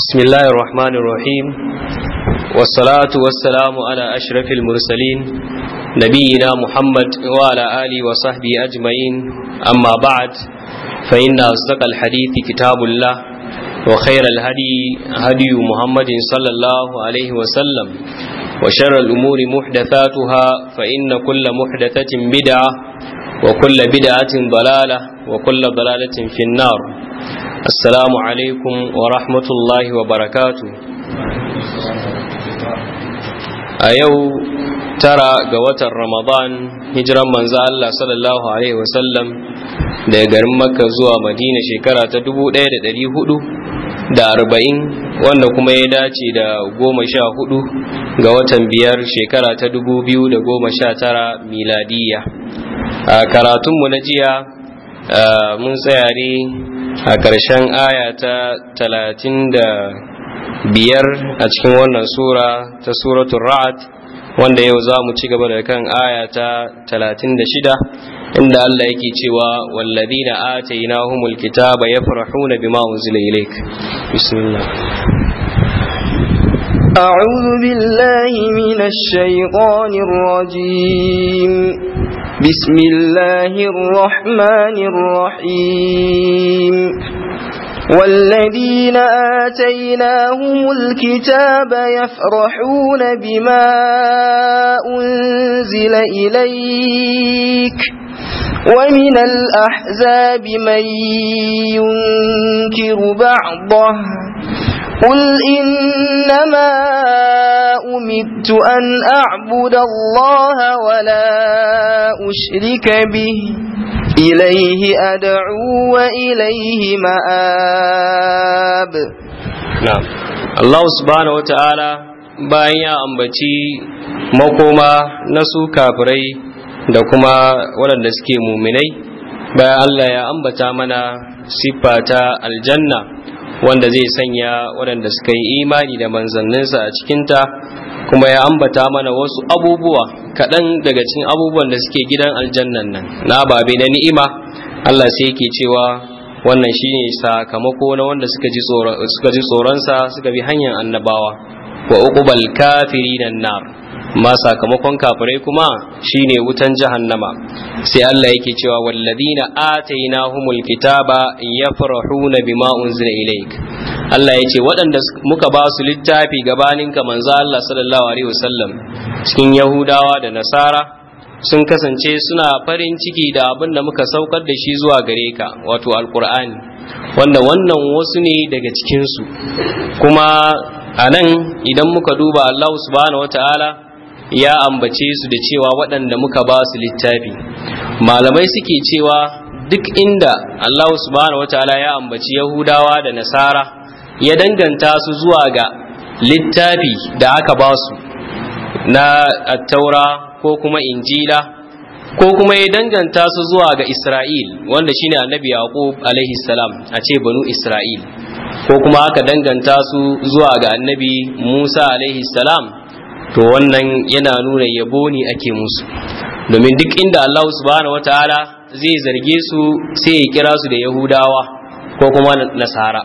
بسم الله الرحمن الرحيم والصلاة والسلام على أشرف المرسلين نبينا محمد وعلى آله وصحبه أجمعين أما بعد فإن أصدق الحديث كتاب الله وخير الهدي هدي محمد صلى الله عليه وسلم وشر الأمور محدثاتها فإن كل محدثة بدعة وكل بدعة ضلالة وكل ضلالة في النار Asalamu alaikum wa rahmatullahi wa barakatu. A yau tara ga watan ramadan hijiran man allah Sallallahu alaihe wa Da ya garin Makka zuwa madina shekara ta dubu ɗaya da ɗari huɗu da arba'in. Wanda kuma ya dace da goma sha huɗu ga watan biyar shekara ta dubu biyu da goma sha tara miladiya. A karatunmu na jiya. Eh, mun tsayari a ƙarshen aya ta talatin da biyar a cikin wannan sura ta suratun ra'ad wanda yau za mu ci gaba da kan aya ta talatin da shida inda Allah yake cewa ta atainahumul kitaba yafrahuna bima unzila ilaik bismillah أعوذ بالله من الشيطان الرجيم بسم الله الرحمن الرحيم والذين آتيناهم الكتاب يفرحون بما أنزل إليك ومن الأحزاب من ينكر بعضه قل إنما أمرت أن أعبد الله ولا أشرك به إليه أدعو وإليه مآب نعم الله سبحانه وتعالى bayan ya ambaci makoma na su kafirai da kuma waɗanda suke muminai bayan Allah ya ambata mana siffata aljanna wanda zai sanya waɗanda suka yi imani da manzanninsa a cikinta kuma ya ambata mana wasu abubuwa kaɗan daga cikin abubuwan da suke gidan aljannan nan na ababe na ni'ima Allah sai yake cewa wannan shine sakamako na wanda suka ji tsoronsa suka bi hanyar annabawa wa uqbal kafirin nar ma sakamakon kafirai kuma shine wutan jahannama sai Allah yake cewa walladina atainahumul kitaba yafrahuna bima unzila ilaik Allah ya ce waɗanda muka ba su littafi gabanin ka manzo Allah sallallahu alaihi wasallam cikin Yahudawa da Nasara sun kasance suna farin ciki da abin da muka saukar da shi zuwa gare ka wato alkur'ani wanda wannan wasu ne daga cikinsu kuma a nan idan muka duba Allah subhanahu wa ya ambace su da cewa waɗanda muka ba su littafi malamai suke cewa duk inda Allah subhanahu wataala ya ambaci Yahudawa da Nasara ya danganta su zuwa ga littafi da aka ba su na attaura ko kuma injila ko kuma ya danganta su zuwa ga Isra'il wanda shine annabi Yaqub alaihi salam a ce banu Isra'il ko kuma aka danganta su zuwa ga annabi Musa alaihi salam to wannan yana nuna yabo ne ake musu domin duk inda Allah subhanahu wataala zai zarge su sai ya kira su da yahudawa ko kuma nasara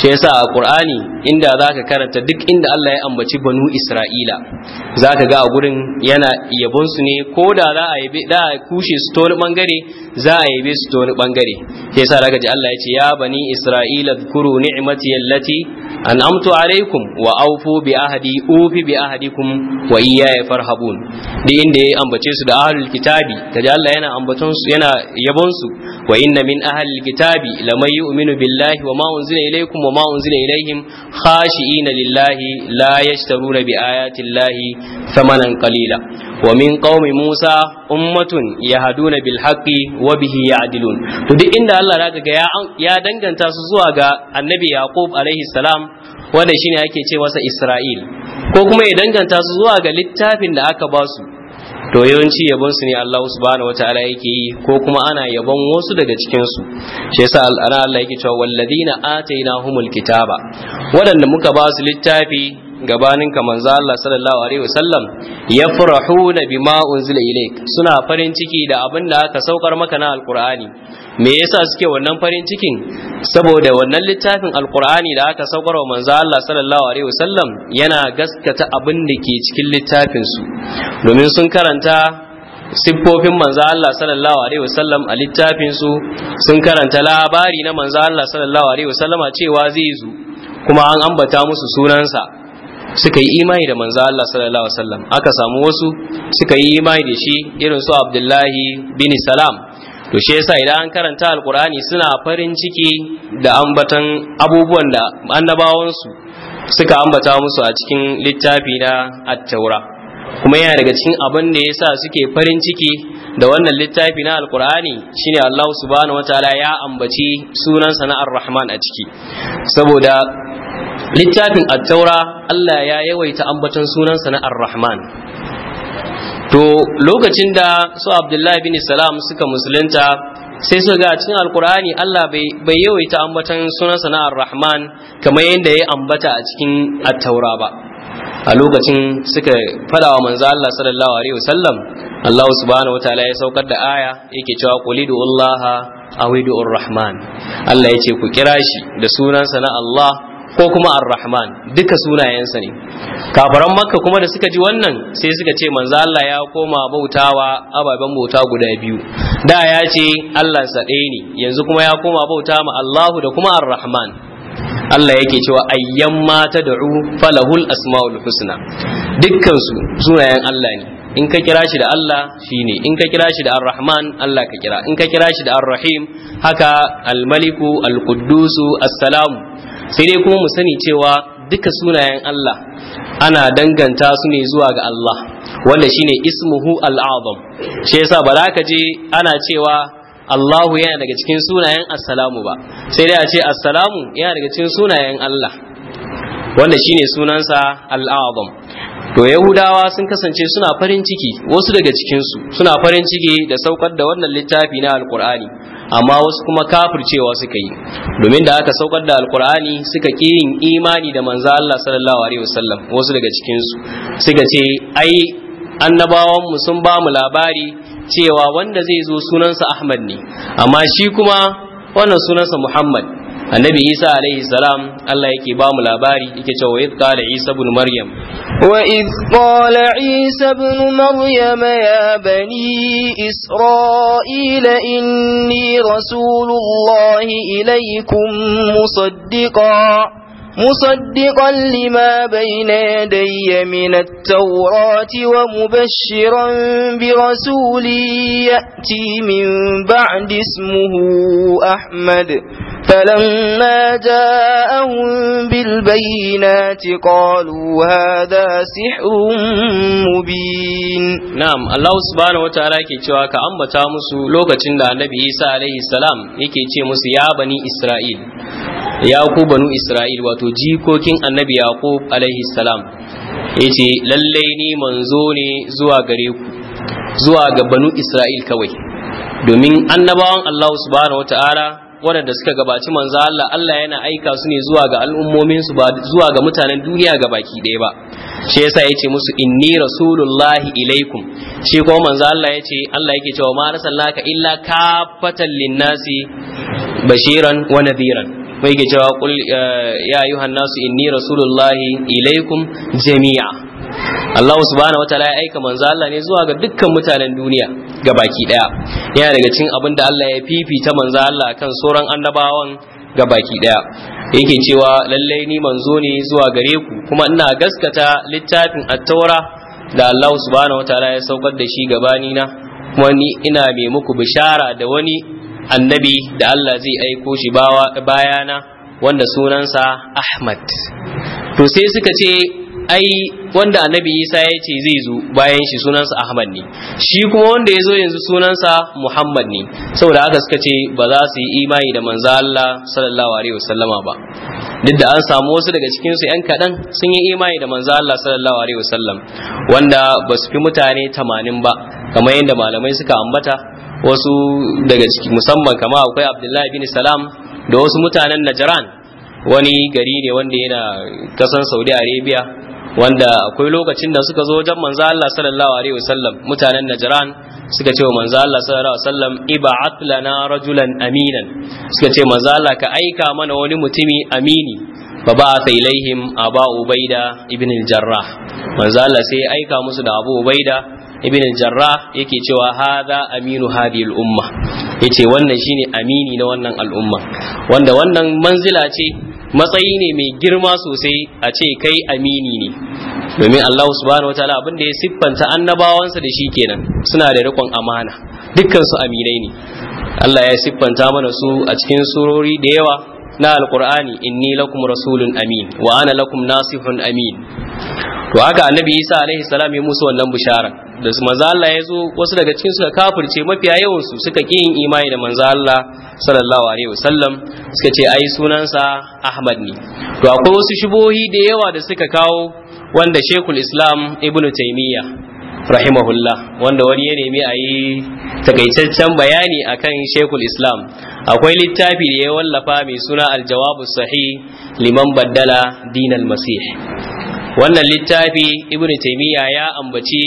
shi yasa a qur'ani inda zaka karanta duk inda Allah ya ambaci banu isra'ila zaka ga a gurin yana yabon su ne ko da za a yabe da kushe su to bangare za a yabe su to bangare shi yasa zaka ji Allah ya ce ya bani isra'ila zkuru ni'mati allati an'amtu alaikum wa aufu bi ahadi ufi bi ahadikum wa iyaye farhabun da inda ya ambace su da ahalul kitabi ji Allah yana ambaton su yana yabon su wa inna min ahalul kitabi lamay yu'minu billahi wa ma unzila ilaikum wa ma unzila ilayhim khashi'ina lillahi la yashtaruna bi ayati llahi thamanan qalila wa min qaumi musa ummatun yahduna bil haqqi wa bihi ya'dilun to duk inda Allah ya danganta su zuwa ga annabi yaqub alaihi salam wanda shine ake ce masa Isra'il ko kuma ya danganta su zuwa ga littafin da aka ba su to yawanci yabon su ne Allah subhanahu wataala yake yi ko kuma ana yabon wasu daga cikin su shi yasa Allah yake cewa walladina atainahumul kitaba wadanda muka ba su littafi gabanin ka manzo Allah sallallahu alaihi wasallam yafrahuna bima unzila ilaik suna farin ciki da abin da aka saukar maka na alqur'ani me yasa suke wannan farin cikin saboda wannan littafin alqur'ani da aka saukar wa manzo Allah sallallahu alaihi wasallam yana gaskata abin da ke cikin littafin su domin sun karanta siffofin manzo Allah sallallahu alaihi wasallam a littafin su sun karanta labari na manzo Allah sallallahu alaihi wasallama cewa zai zo kuma an ambata musu sunansa suka yi imani da manzo Allah sallallahu alaihi wasallam aka samu wasu suka yi imani da shi irin su Abdullahi bin Salam to shi yasa idan an karanta alkurani suna farin ciki da ambatan abubuwan da annabawansu suka ambata musu a cikin littafi na at-taura kuma yana daga cikin abin da yasa suke farin ciki da wannan littafi na alkur'ani shine Allah subhanahu wataala ya ambaci sunan sana'ar rahman a ciki saboda littafin attaura Allah ya yawaita ambaton sunansa na ar-rahman to lokacin da su abdullahi bin salam suka musulunta sai su ga cikin alkur'ani Allah bai yawaita ambatan sunansa na ar-rahman kamar yadda ya ambata a cikin attaura ba a lokacin suka fada wa manzo Allah sallallahu alaihi wasallam Allah subhanahu wataala ya saukar da aya yake cewa qulidu Allah awidu ar-rahman Allah yace ku kira shi da sunansa na Allah ko kuma ar-rahman duka sunayensa ne kafaran makka kuma da suka ji wannan sai suka ce manzo Allah ya koma bautawa ababen bauta guda biyu da ya ce Allah sa ɗaya ne yanzu kuma ya koma bauta ma Allahu da kuma ar-rahman Allah yake cewa ayyan ma tad'u falahul asmaul husna dukkan su sunayen Allah ne in ka kira shi da Allah shine in ka kira shi da Ar-Rahman Allah ka kira in ka kira shi da Ar-Rahim haka Al-Maliku Al-Quddusu as sai dai kuma mu sani cewa duka sunayen Allah ana danganta su ne zuwa ga Allah wanda shine ismuhu al'azam shi yasa ba za ka je ana cewa Allahu yana daga cikin sunayen assalamu ba sai dai a ce assalamu yana daga cikin sunayen Allah wanda shine sunansa al'azam to yahudawa sun kasance suna farin ciki wasu daga cikinsu suna farin ciki da saukar da wannan littafi na alkur'ani amma wasu kuma kafircewa suka yi domin da aka saukar da alkur'ani suka ki yin imani da Manza, Allah sallallahu alaihi wasallam wasu daga cikinsu, suka ce ai annabawan mu sun ba mu labari cewa wanda zai zo sunansa Ahmad ne amma shi kuma wannan sunansa Muhammad annabi isa alaihi salam Allah yake ba mu labari yake cewa wa qala isa ibn maryam wa idh qala isa ibn maryam ya bani isra'ila inni rasulullahi ilaykum musaddiqan مصدقا لما بين يدي من التوراة ومبشرا برسول يأتي من بعد اسمه أحمد فلما جاءهم بالبينات قالوا هذا سحر مبين نعم الله سبحانه وتعالى ke cewa ka ambata musu lokacin da annabi Isa alaihi salam yake ce musu ya bani Isra'il yaqub banu isra'il wato jikokin annabi yaqub alaihi salam yace lallai ni manzo ne zuwa gare ku zuwa ga banu isra'il kawai domin annabawan Allah subhanahu wataala waɗanda suka gabaci manzo Allah Allah yana aika su ne zuwa ga al'ummomin su ba zuwa ga mutanen duniya ga baki ɗaya ba shi yasa yace musu inni rasulullahi ilaikum shi kuma manzo Allah yace Allah yake cewa ma rasalaka illa kafatan linnasi bashiran wa nadhiran Mai cewa qul ya ayyuhan nasu inni rasulullahi ilaikum jami'a Allah subhanahu wataala ya aika manzo Allah ne zuwa ga dukkan mutanen duniya ga baki daya yana daga cikin abin da Allah ya fifita manzo Allah akan sauran annabawan ga baki daya yake cewa lallai ni manzo ne zuwa gare ku kuma ina gaskata littafin at-taura da Allah subhanahu wataala ya saukar da shi gabanina kuma ni ina mai muku bishara da wani annabi da Allah zai aiko shi bayana wanda sunansa Ahmad to sai suka ce ai wanda annabi Isa ya ce zai zo bayan shi sunansa Ahmad ne shi kuma wanda ya zo yanzu sunansa Muhammad ne saboda haka suka ce ba za su yi imani da manzo Allah sallallahu alaihi wasallama ba duk da an samu wasu daga cikin su yan kaɗan sun yi imani da manzo Allah sallallahu alaihi wasallam wanda ba su fi mutane tamanin ba kamar yadda malamai suka ambata wasu daga ciki musamman kama akwai abdullahi bin salam da wasu mutanen najran wani gari ne wanda yana kasan saudi arabia wanda akwai lokacin da suka zo wajen manzo Allah sallallahu alaihi wasallam mutanen najran suka ce wa manzo Allah sallallahu alaihi wasallam ib'at lana rajulan aminan suka ce manzo Allah ka aika mana wani mutumi amini fa ba'atha ilaihim aba ubaida ibn al-jarrah manzo Allah sai aika musu da abu ubaida ibn al-jarrah yake cewa hadha aminu hadhihi al-umma yace wannan shine amini na wannan al'umma wanda wannan manzila ce matsayi ne mai girma sosai a ce kai amini ne domin Allah subhanahu wataala abin da ya siffanta annabawansa da shi kenan suna da riƙon amana dukkan su aminai ne Allah ya siffanta mana su a cikin surori da yawa na alqur'ani inni lakum rasulun amin wa ana lakum nasihun amin to haka annabi isa alaihi salam ya musu wannan bishara da manzo Allah ya zo wasu daga cikin suka kafirce mafiya yawan su suka ki yin imani da manzo Allah sallallahu alaihi wasallam suka ce ai sunansa Ahmad ne to akwai wasu shubohi da yawa da suka kawo wanda Sheikhul Islam Ibn Taymiyyah rahimahullah wanda wani ya nemi a yi takaitaccen bayani akan shekul Islam akwai littafi da ya wallafa mai suna aljawabu sahi Sahih liman baddala dinal masih wannan littafi ibn taymiya ya ambaci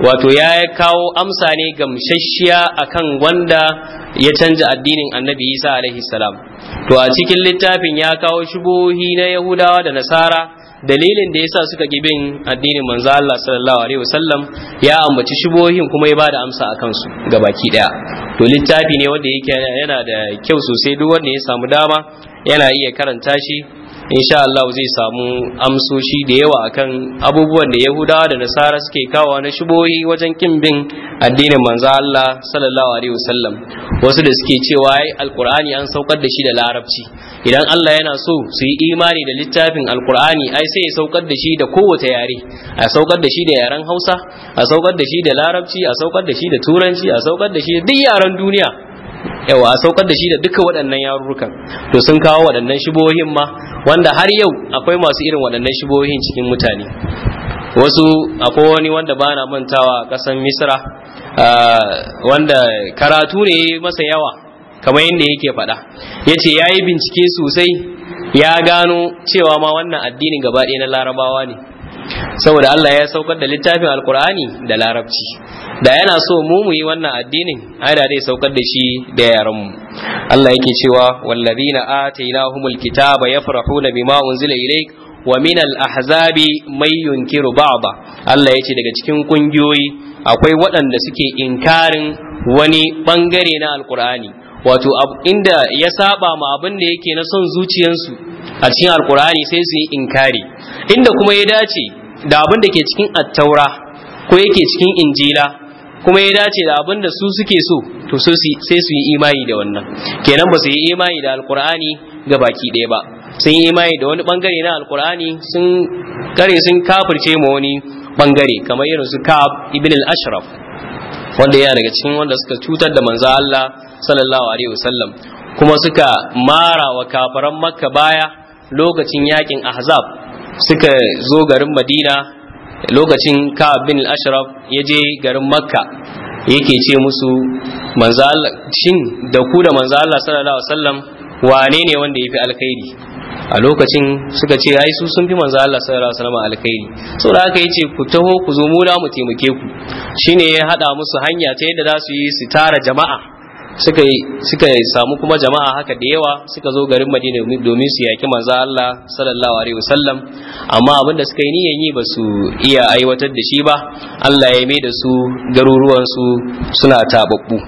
wato ya kawo amsa ne gamsasshiya akan wanda ya canja addinin annabi isa alaihi salam to a cikin littafin ya kawo shubuhi na yahudawa da nasara dalilin da yasa suka ki bin addinin manzo Allah sallallahu alaihi wasallam ya ambaci shubohin kuma ya bada amsa akan su baki daya to littafi ne wanda yake yana da kyau sosai duk wanda ya samu dama yana iya karanta shi insha Allah zai samu amsoshi da yawa akan abubuwan da Yahudawa da Nasara suke kawo na shubohi wajen kimbin addinin manzo Allah sallallahu alaihi wasallam wasu da suke cewa ai alqur'ani an saukar da shi da larabci idan Allah yana so su yi imani da littafin alqur'ani ai sai ya saukar da shi da kowace yare a saukar da shi da yaren Hausa a saukar da shi da larabci a saukar da shi da turanci a saukar da shi da duk yaren duniya yawa a saukar da shi da duka waɗannan yarurrukan to sun kawo waɗannan shibohin ma wanda har yau akwai masu irin waɗannan shibohin cikin mutane wasu akwai wani wanda ba na mantawa ƙasan Misira, wanda karatu ne masa yawa kamar yadda yake faɗa ya ce ya yi bincike sosai ya gano cewa ma wannan addinin gaba na larabawa ne saboda Allah ya saukar da littafin alkur'ani da larabci da yana so mu muyi wannan addinin ai da zai saukar da shi da yaran mu Allah yake cewa wallazina atainahumul kitaba yafrahuna bima unzila ilayk wa min al-ahzabi may yunkiru ba'da Allah yace daga cikin kungiyoyi akwai waɗanda suke inkarin wani bangare na alkur'ani wato inda ya saba ma abin da yake na son zuciyarsu a cikin alkur'ani sai su yi inkari inda kuma ya dace da abin da ke cikin attaura ko yake cikin injila kuma ya dace da abin da su suke so to sai su yi imani da wannan kenan ba su yi imani da alkur'ani ga baki ɗaya ba sun yi imani da wani bangare na alkur'ani sun kare sun kafirce ma wani bangare kamar irin su kab ibn al-ashraf wanda yana daga cikin wanda suka cutar da manzo Allah sallallahu alaihi wasallam kuma suka mara wa kafaran makka baya lokacin yakin ahzab suka zo garin madina lokacin ka'ab bin al-ashraf ya je garin makka yake ce musu shin da ku da manzo Allah sallallahu alaihi wasallam wane ne wanda yafi alkhairi a lokacin suka ce ai su sun fi manzo Allah sallallahu alaihi wasallam alkhairi so da aka yace ku taho ku zo mu da mu taimake ku shine ya hada musu hanya ta yadda za su yi su tara jama'a suka yi samu kuma jama'a haka da yawa suka zo garin Madina domin su yaki manzo Allah sallallahu alaihi wasallam amma abinda suka yi niyan yi ba su iya aiwatar da shi ba Allah ya mai da su garuruwan su suna tababbu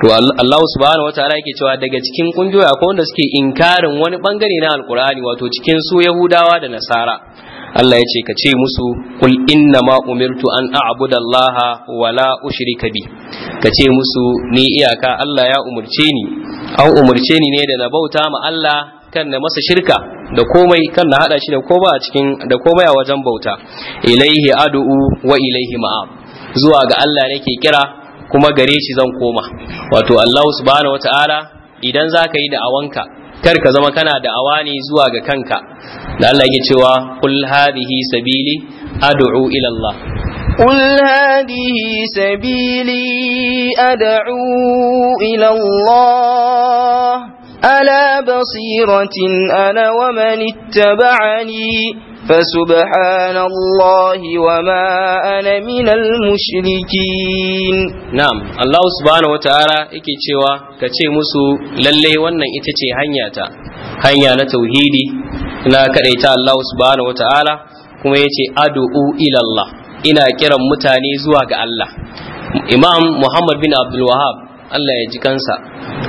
to Allah subhanahu wataala yake cewa daga cikin kungiyoyi akwai wanda suke inkarin wani bangare na alkur'ani wato cikin su Yahudawa da Nasara Allah ya ce ka ce musu kul inna ma umirtu an a'budu Allah wa la ushrika bi ka ce musu ni iyaka Allah ya umurce ni an umurce ni ne da na bauta ma Allah kan na masa shirka da komai kan na hada shi da komai a cikin da komai a wajen bauta ilaihi adu'u wa ilaihi ma'ab zuwa ga Allah nake kira kuma gare shi zan koma wato Allah subhanahu wataala idan zaka yi da awanka kar ka zama kana da awani zuwa ga kanka da Allah yake cewa kul hadihi sabili ad'u ila Allah kul hadihi sabili ad'u ila Allah ala basiratin ana wa man ittaba'ani فسبحان wa manaminal أنا من المشركين نعم الله yake cewa ka ce musu lallai wannan ita ce hanya ta hanya na tauhidi na kadaita Allah subhanahu wataala kuma yace Ado ila Allah ina kiran mutane zuwa ga Allah Imam Muhammad bin Abdulwahab. Allah ya ji kansa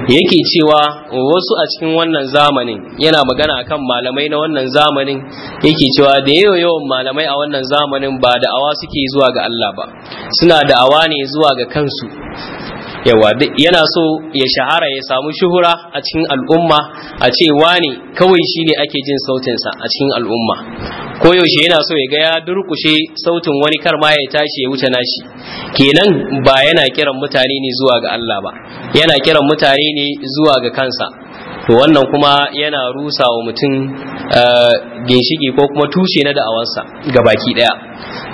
yake cewa wasu a cikin wannan zamanin yana magana akan malamai na wannan zamanin yake cewa da yawa yawan malamai a wannan zamanin ba da'awa suke zuwa ga Allah ba suna da'awa ne zuwa ga kansu yawa yana so ya shahara ya samu shuhura a cikin al'umma a ce wani kawai shi ne ake jin sautinsa a cikin al'umma koyaushe yana so ya ga ya durkushe sautin wani kar ma ya tashi ya wuce nashi kenan ba yana kiran mutane ne zuwa ga Allah ba yana kiran mutane ne zuwa ga kansa to wannan kuma yana rusa wa mutum eh, ginshiki ko kuma tushe na da'awarsa ga baki daya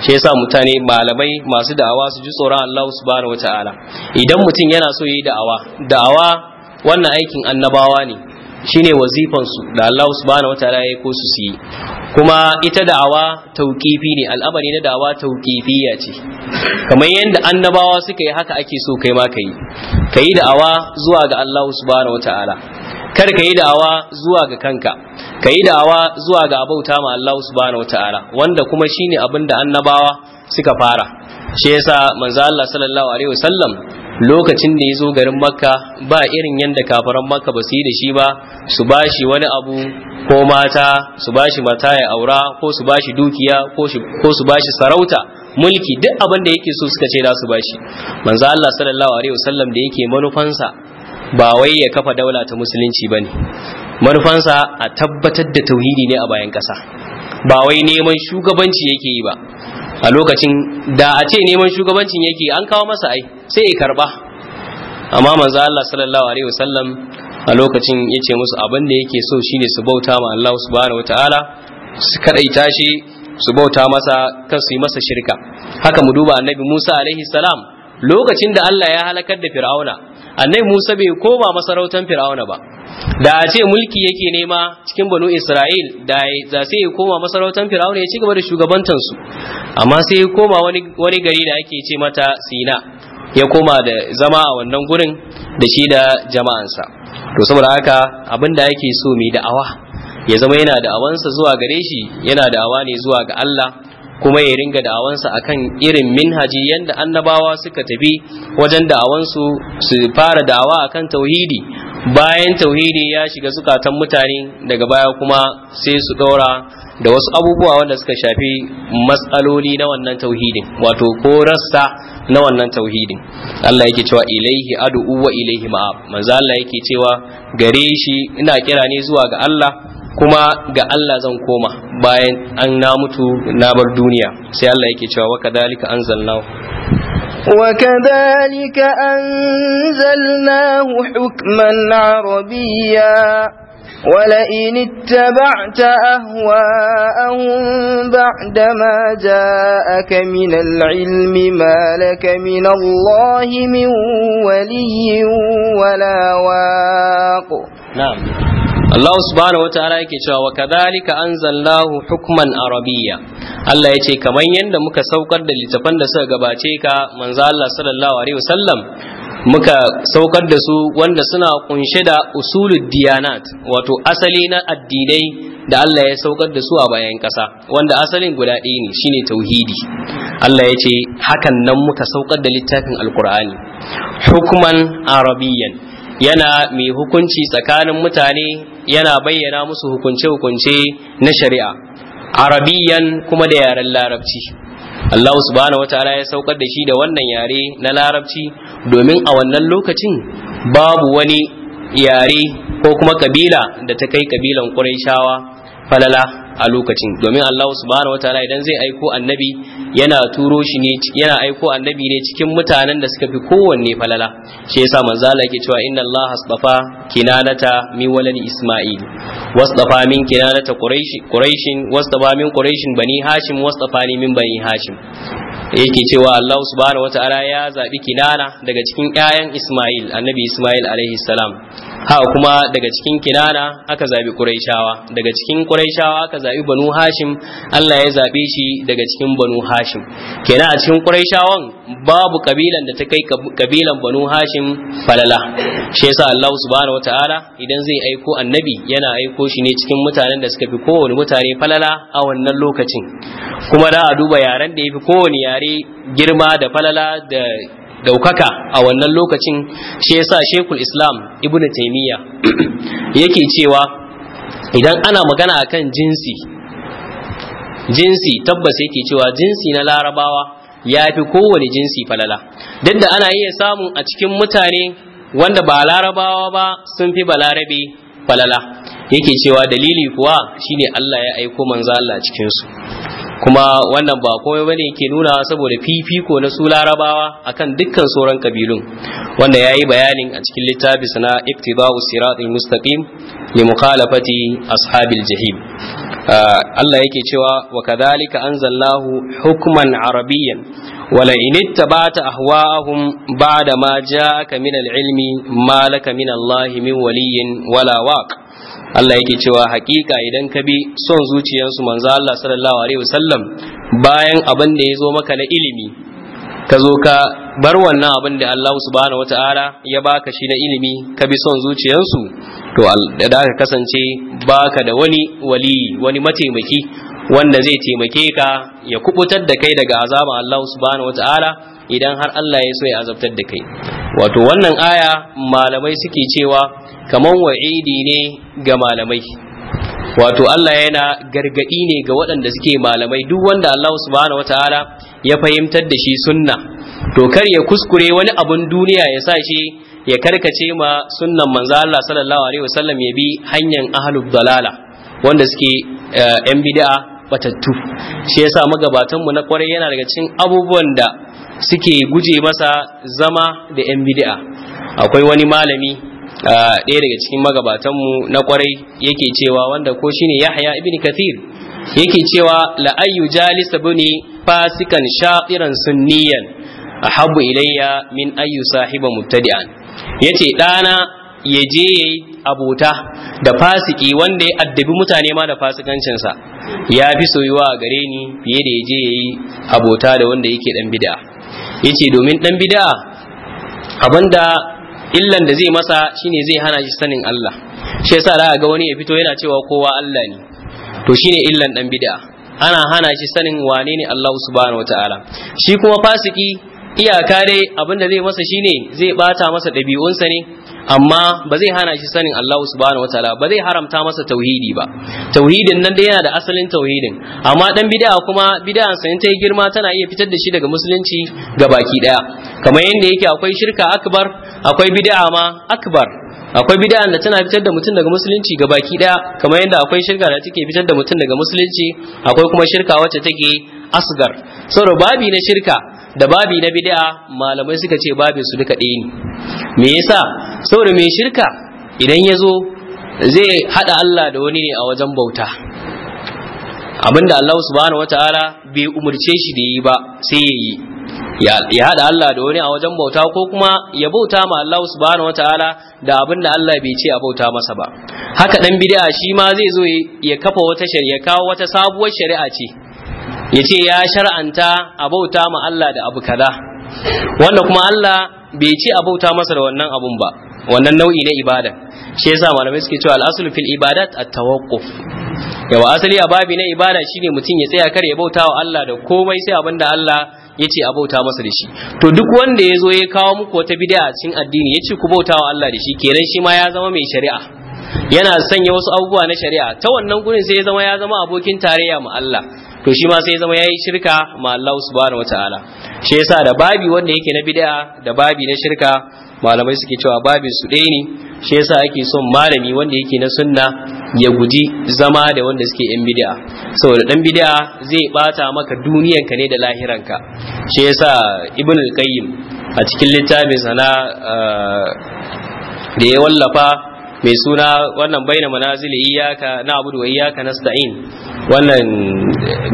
shi yasa mutane malamai masu da'awa su ji tsoron Allah subhanahu wataala idan mutum yana so yi da'awa da'awa wannan aikin annabawa ne shine wazifan su da Allah subhanahu wataala ya ko su yi kuma ita da'awa tauqifi ne al'amari na da'awa tauqifiyya ce kamar yadda annabawa suka yi haka ake so kai ma kai kai da'awa zuwa ga Allah subhanahu wataala Kar ka yi dawa zuwa ga kanka ka yi dawa zuwa ga abauta ma Allah subhanahu wataala wanda kuma shine abin da annabawa suka fara shi yasa manzo Allah sallallahu alaihi wasallam lokacin da ya zo garin makka ba irin yadda kafaran makka ba su yi da shi ba su ba wani abu ko mata su ba mata ya aura ko su ba dukiya ko su ba sarauta mulki duk abin da yake so suka ce da su ba shi manzo Allah sallallahu alaihi wasallam da yake manufansa ba wai ya kafa daula ta musulunci ba ne manufansa a tabbatar da tauhidi ne a bayan ƙasa ba wai neman shugabanci yake yi ba a lokacin da a ce neman shugabancin yake an kawo masa ai sai ya karba amma manzo Allah sallallahu alaihi wasallam a lokacin yace musu abin da yake so shine su bauta ma Allah subhanahu wataala su kadaita shi su bauta masa kan su yi masa shirka haka mu duba annabi Musa alaihi salam lokacin da Allah ya halakar da Fir'auna annai Musa bai koma masarautar Fir'auna ba da a ce mulki yake nema cikin banu Isra'il da za sai ya koma masarautar Fir'auna ya ci gaba da shugabantar su amma sai ya koma wani wani gari da ake ce mata Sina ya koma da zama a wannan gurin da shi da jama'ansa to saboda haka abin da yake so mai da'awa ya zama yana da awansa zuwa gare shi yana da'awa ne zuwa ga Allah kuma ya ringa da'awansa akan irin minhaji yadda annabawa suka tafi wajen da'awansu su fara da'awa akan tauhidi bayan tauhidi ya shiga zukatan mutane daga baya kuma sai su ɗora da wasu abubuwa wanda suka shafi matsaloli na wannan tauhidin wato ko rasta na wannan tauhidin Allah yake cewa ilaihi adu'u wa ilaihi ma'ab manzo Allah yake cewa gare shi ina kira ne zuwa ga Allah kuma ga Allah zan koma bayan an na mutu na bar duniya sai Allah yake cewa wa kadalika anzalna wa kadalika anzalna hukman arabiyya wala in ittaba'ta ahwa'ahum ba'da ma ja'aka min al-'ilmi ma laka min Allah min waliyyin wala waq Allah subhanahu wataala yake cewa wa kadhalika lahu hukman arabiyya Allah yace kamar yanda muka saukar da littafan da suka gabace ka manzo Allah sallallahu alaihi wasallam muka saukar da su wanda suna kunshe da usulul diyanat wato asali na addinai da Allah ya saukar da su a bayan kasa, wanda asalin guda ɗaya ne shine tauhidi Allah ya ce hakan nan muka saukar da littafin alkur'ani hukman arabiyyan yana mai hukunci tsakanin mutane yana bayyana musu hukunce-hukunce na shari'a arabiyan kuma da yaren larabci Allah subhanahu wataala ya saukar da shi da wannan yare na larabci domin a wannan lokacin babu wani yare ko kuma kabila da ta kai kabilan Qurayshawa falala a lokacin domin Allah subhanahu wataala idan zai aiko annabi yana turo shi ne yana aiko annabi ne cikin mutanen da suka fi kowanne falala shi yasa manzo Allah yake cewa inna Allah astafa kinanata mi walad isma'il wasdafa min kinanata quraish quraish wasdafa min quraish bani hashim wasdafa ni min bani hashim yake cewa Allah subhanahu wataala ya zabi kinana daga cikin ƴaƴan Isma'il annabi Isma'il alaihi salam haka kuma daga cikin kinana aka zabi quraishawa daga cikin quraishawa aka zabi banu hashim Allah ya zabe shi daga cikin banu hashim kenan a cikin quraishawan babu kabilan da ta kai kabilan banu hashim falala shi yasa Allah subhanahu wataala idan zai aiko annabi yana aiko shi ne cikin mutanen da suka fi kowane mutane falala a wannan lokacin kuma da a duba yaren da ya fi kowane yare girma da falala da daukaka a wannan lokacin shi yasa shekul islam ibnu taimiyya yake cewa idan ana magana akan jinsi jinsi tabbas yake cewa jinsi na larabawa ya fi kowane jinsi falala duk da ana iya samun a cikin mutane wanda ba larabawa ba sun fi balarabe falala yake cewa dalili kuwa shine Allah ya aiko manzo Allah cikin su kuma wannan ba komai bane yake nuna saboda fifiko na su larabawa akan dukkan sauran kabilun wanda yayi bayanin a cikin littafi sana iktiba'u siratul mustaqim li mukhalafati ashabil jahim ah, Allah yake cewa wa kadhalika anzalnahu hukman arabiyyan wala in ittaba'ta ahwa'ahum ba'da ma ja'aka min al-ilmi ma laka min Allah min waliyyin wala waq Allah yake cewa hakika idan ka bi son zuciyarsu manzo Allah sallallahu alaihi wasallam bayan abin da ya zo maka na ilimi ka zo ka bar wannan abin da Allah subhanahu wataala ya baka shi na ilimi ka bi son zuciyarsu to da ka kasance baka da wani wali wani mataimaki wanda zai taimake ka ya kubutar da kai daga azaban Allah subhanahu wataala idan har Allah ya so ya azabtar da kai wato wannan aya malamai suke cewa kaman wa'idi ne ga malamai wato Allah yana gargaɗi ne ga waɗanda suke malamai duk wanda Allah subhanahu wataala ya fahimtar da shi sunna to kar ya kuskure wani abun duniya ya sa shi ya karkace ma sunnan manzo Allah sallallahu alaihi wasallam ya bi hanyar ahlul dalala wanda suke eh, yan bid'a batattu shi yasa magabatan mu na kwarai yana daga cikin abubuwan da suke guje masa zama da yan bid'a akwai wani malami ɗaya daga cikin magabatanmu na kwarai yake cewa wanda ko shine Yahya ibn Kathir yake cewa la'ayu jalisa jalis fasikan shairan sunniyan ahabbu ilayya min ayyu sahiba mubtadi'an yace dana ya je yayi abota da fasiki wanda ya addabi mutane ma da fasikancinsa ya fi soyuwa a gare ni fiye da ya je yayi abota da wanda yake dan bid'a yace domin dan bid'a abinda illan da zai masa shine zai hana shi sanin Allah shi yasa za ga wani ya fito yana cewa kowa Allah ne to shine illan dan bid'a ana hana shi sanin wane ne Allah subhanahu wataala shi kuma fasiki iyaka dai abin da zai masa shine zai bata masa ɗabi'unsa ne amma ba zai hana shi sanin Allah subhanahu wataala ba zai haramta masa tauhidi ba tauhidin nan dai yana da asalin tauhidin amma dan bid'a kuma bid'a sa ta yi girma tana iya fitar da shi daga musulunci ga baki daya kamar yadda yake akwai shirka akbar akwai bid'a ma akbar akwai bid'a da tana fitar da mutum daga musulunci ga baki daya kamar yadda akwai shirka da take fitar da mutum daga musulunci akwai kuma shirka wacce take asgar saboda babi na shirka da babi na bid'a malamai suka ce babin su duka ɗaya ne me yasa saboda mai shirka idan ya zo zai hada Allah da wani ne a wajen bauta abinda Allah subhanahu wataala bai umurce shi da yi ba sai ya yi ya hada Allah da wani a wajen bauta ko kuma ya bauta ma Allah subhanahu wataala da abinda Allah bai ce a bauta masa ba haka dan bid'a shi ma zai zo ya kafa wata shari'a kawo wata sabuwar shari'a ce ya ce ya shar'anta bauta ma Allah da abu kaza wanda kuma Allah bai ce abauta masa da wannan abun ba wannan nau'i na ibada shi yasa malamai suke cewa aslu fil ibadat at-tawaqquf yawa asali a babi na ibada shine mutum ya tsaya kar ya bauta wa Allah da komai sai abinda Allah ya ce a bauta masa da shi to duk wanda ya zo ya kawo muku wata bid'a a cikin addini ya ce ku bauta wa Allah da shi kenan shi ma ya zama mai shari'a yana sanya wasu abubuwa na shari'a ta wannan gurin sai ya zama ya zama abokin tarayya ma Allah to shi ma sai ya zama yayi shirka ma Allah subhanahu wataala shi yasa da babi wanda yake na bid'a da babi na shirka malamai suke cewa babi su ɗaya ne shi yasa ake son malami wanda yake na sunna ya guji zama da wanda suke yan bid'a saboda dan bid'a zai bata maka duniyanka ne da lahiranka shi yasa ibn al-qayyim a cikin littafin sana eh, da ya wallafa mai suna wannan na manazili iyaka na abudu wa iyaka nasta'in wannan